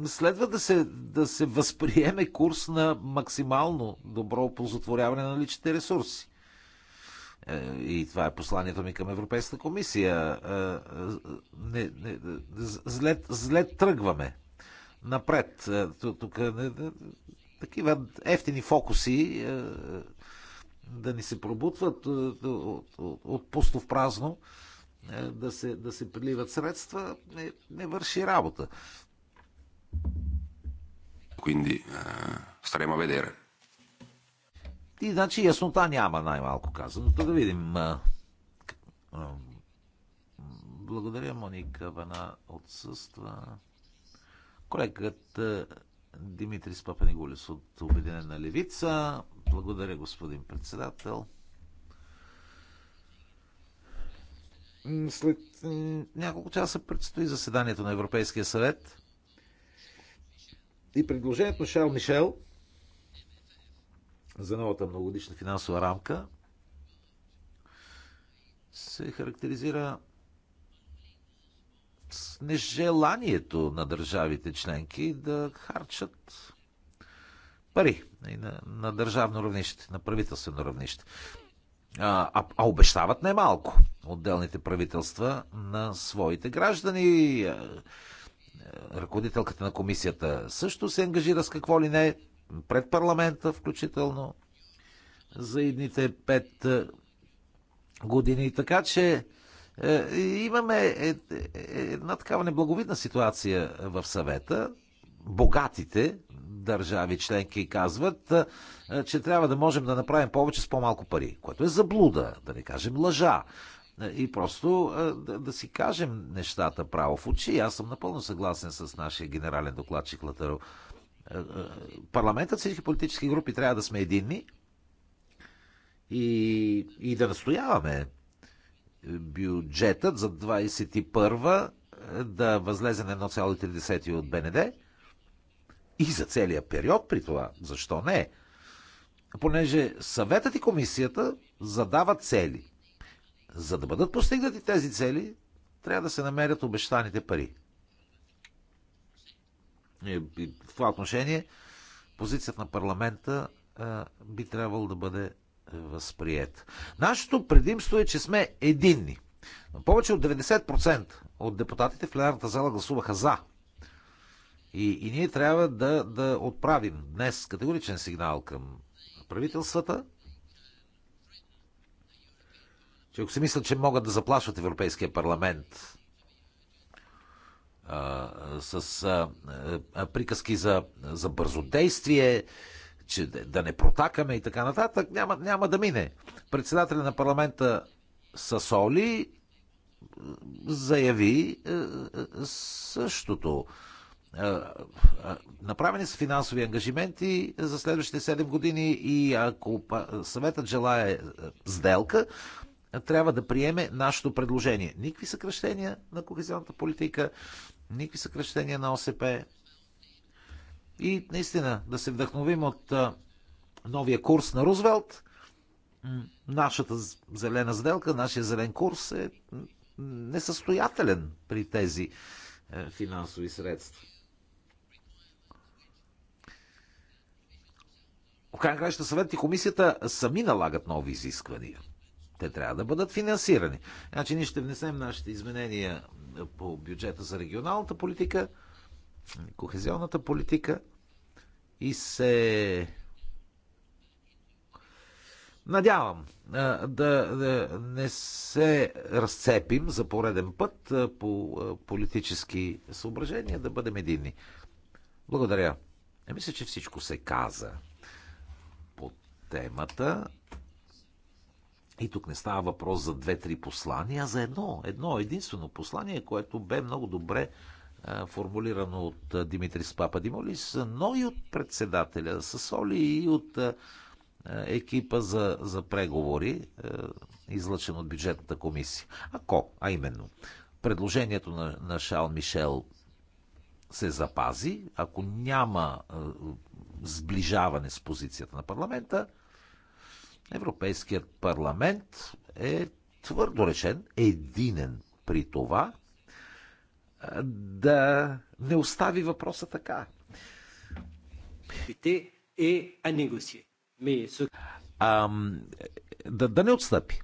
следва да се, да се възприеме курс на максимално добро оползотворяване на личните ресурси. Е, и това е посланието ми към Европейската комисия. Не, не, зле, зле тръгваме напред. Тук не, такива ефтини фокуси да ни се пробутват е, от, от, от пусто в празно, е, да се, да се приливат средства, не, не върши работа. Quindi е, staremo a vedere. И значи яснота няма, най-малко казано. Да видим. Благодаря, Моника Вана отсъства. Колегът Димитрис Папанигулис от Обединена левица. Благодаря, господин председател. След няколко часа предстои заседанието на Европейския съвет. И предложението на Шарл Мишел за новата многогодишна финансова рамка се характеризира с нежеланието на държавите членки да харчат пари нали, на, на държавно равнище, на правителствено равнище. А, а обещават немалко отделните правителства на своите граждани. Ръководителката на комисията също се ангажира с какво ли не, пред парламента включително, за едните пет години. Така че е, имаме е, е, една такава неблаговидна ситуация в съвета, богатите държави членки казват, че трябва да можем да направим повече с по-малко пари, което е заблуда, да не кажем лъжа. И просто да, да си кажем нещата право в очи. Аз съм напълно съгласен с нашия генерален докладчик Латаро. Парламентът, всички политически групи трябва да сме единни и, и да настояваме бюджетът за 21 да възлезе на 1,3 от БНД и за целия период при това. Защо не? Понеже съветът и комисията задават цели. За да бъдат постигнати тези цели, трябва да се намерят обещаните пари. И в това отношение позицията на парламента а, е, би трябвало да бъде възприят. Нашето предимство е, че сме единни. Повече от 90% от депутатите в пленарната зала гласуваха за и, и ние трябва да, да отправим днес категоричен сигнал към правителствата, че ако се мислят, че могат да заплашват Европейския парламент а, с а, а, приказки за, за бързодействие, че да не протакаме и така нататък, няма, няма да мине. Председателя на парламента Сасоли заяви е, е, същото. Е, е, направени са финансови ангажименти за следващите 7 години и ако съветът желая е, сделка, трябва да приеме нашето предложение. Никакви съкръщения на кохезионната политика, никакви съкръщения на ОСП. И наистина да се вдъхновим от новия курс на Рузвелт. Нашата зелена сделка, нашия зелен курс е несъстоятелен при тези финансови средства. в крайна краща съвет и комисията сами налагат нови изисквания. Те трябва да бъдат финансирани. Значи ние ще внесем нашите изменения по бюджета за регионалната политика, кохезионната политика и се Надявам да, да не се разцепим за пореден път по политически съображения, да бъдем единни. Благодаря. Я мисля, че всичко се каза. Темата, И тук не става въпрос за две-три послания, а за едно, едно единствено послание, което бе много добре е, формулирано от е, Димитрис Папа Димолис, но и от председателя Сасоли и от е, екипа за, за преговори, излъчен от бюджетната комисия. Ако, а именно, предложението на, на Шал Мишел се запази, ако няма сближаване с позицията на парламента, Европейският парламент е твърдо решен, единен при това, да не остави въпроса така. Е, а, е да, да не отстъпи.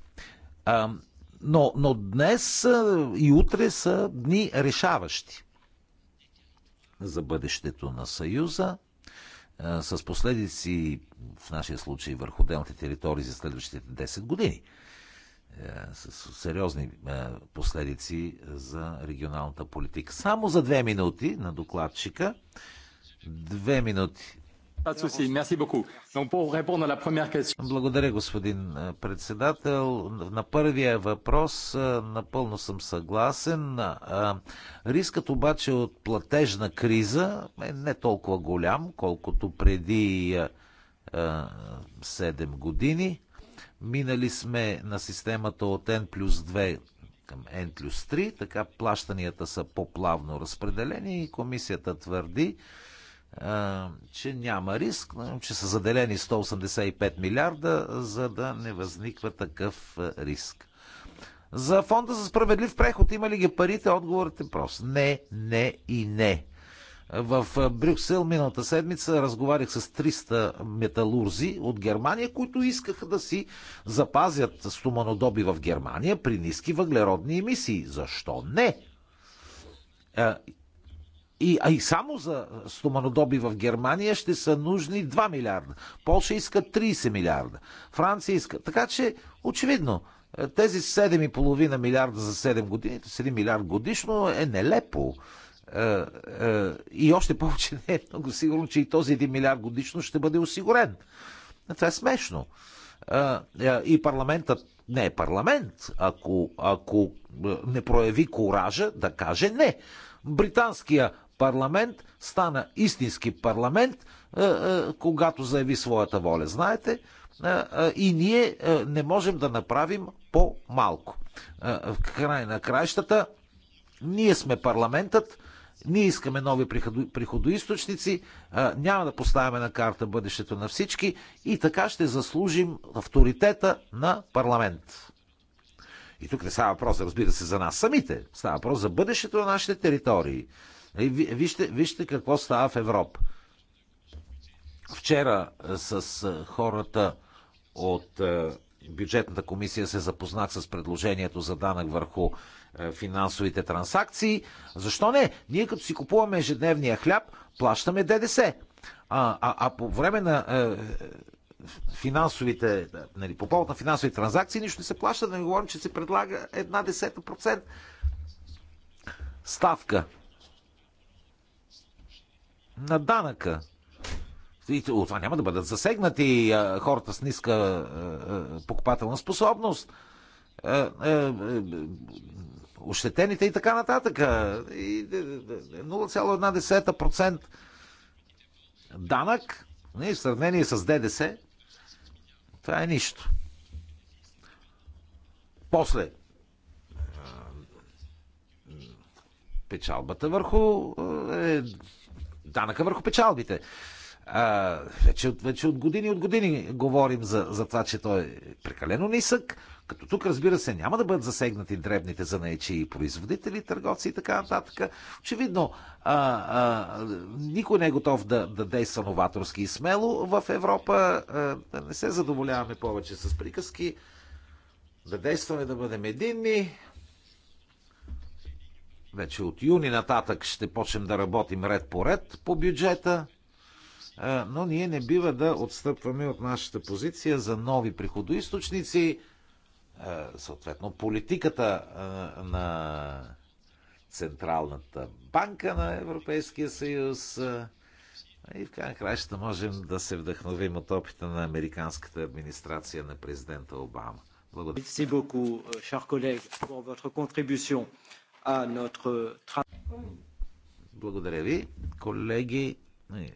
А, но, но днес и утре са дни решаващи за бъдещето на Съюза, с последици в нашия случай върху отделните територии за следващите 10 години. С сериозни последици за регионалната политика. Само за две минути на докладчика. Две минути. Благодаря, господин председател. На първия въпрос напълно съм съгласен. Рискът обаче от платежна криза е не толкова голям, колкото преди 7 години. Минали сме на системата от N плюс 2 към N плюс 3, така плащанията са по-плавно разпределени и комисията твърди, че няма риск, че са заделени 185 милиарда, за да не възниква такъв риск. За фонда за справедлив преход има ли ги парите? Отговорът е прост. Не, не и не. В Брюксел миналата седмица разговарях с 300 металурзи от Германия, които искаха да си запазят стоманодоби в Германия при ниски въглеродни емисии. Защо не? И, а и само за стоманодоби в Германия ще са нужни 2 милиарда. Полша иска 30 милиарда. Франция иска. Така че, очевидно, е, тези 7,5 милиарда за 7 години, 7 милиард годишно е нелепо. Е, е, и още повече не е много сигурно, че и този 1 милиард годишно ще бъде осигурен. Това е смешно. И парламентът не е парламент, ако, ако не прояви коража да каже не британския парламент стана истински парламент, е, е, когато заяви своята воля. Знаете, е, и ние не можем да направим по-малко. В край на краищата, ние сме парламентът, ние искаме нови приходоисточници, няма да поставяме на карта бъдещето на всички и така ще заслужим авторитета на парламент. И тук не става въпрос, разбира се, за нас самите. Става въпрос за бъдещето на нашите територии. Е, вижте, вижте какво става в Европа. Вчера е, с е, хората от бюджетната комисия се запознах с предложението за данък върху финансовите транзакции. Защо не? Ние като си купуваме ежедневния хляб, плащаме ДДС. А, а, а по време на е, финансовите, нали, по повод на финансови транзакции, нищо не се плаща, да не говорим, че се предлага една десета процент ставка на данъка. И от това няма да бъдат засегнати хората с ниска покупателна способност, ощетените и така нататък. 0,1% е, е, данък в сравнение с ДДС, това е нищо. После, печалбата върху е, данъка върху печалбите. А, вече, вече от години от години говорим за, за това, че той е прекалено нисък, като тук, разбира се, няма да бъдат засегнати дребните занаечи и производители, търговци и така нататък. Очевидно, а, а, никой не е готов да, да действа новаторски и смело в Европа. А, да не се задоволяваме повече с приказки, да действаме, да бъдем единни, вече от юни нататък ще почнем да работим ред по ред по бюджета, но ние не бива да отстъпваме от нашата позиция за нови приходоисточници, съответно политиката на Централната банка на Европейския съюз. И в крайна краща можем да се вдъхновим от опита на американската администрация на президента Обама. Благодаря. Благодаря ви, колеги. Е,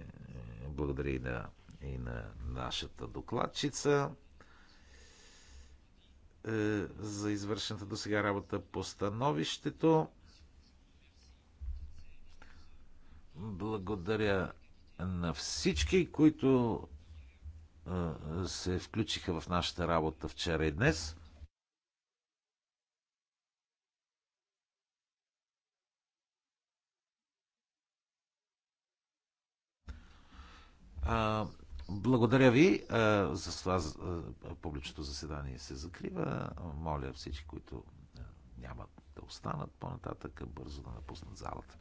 благодаря и на, и на нашата докладчица е, за извършената до сега работа по становището. Благодаря на всички, които е, се включиха в нашата работа вчера и днес. Благодаря ви за това публичното заседание се закрива. Моля всички, които нямат да останат по-нататък, бързо да напуснат залата.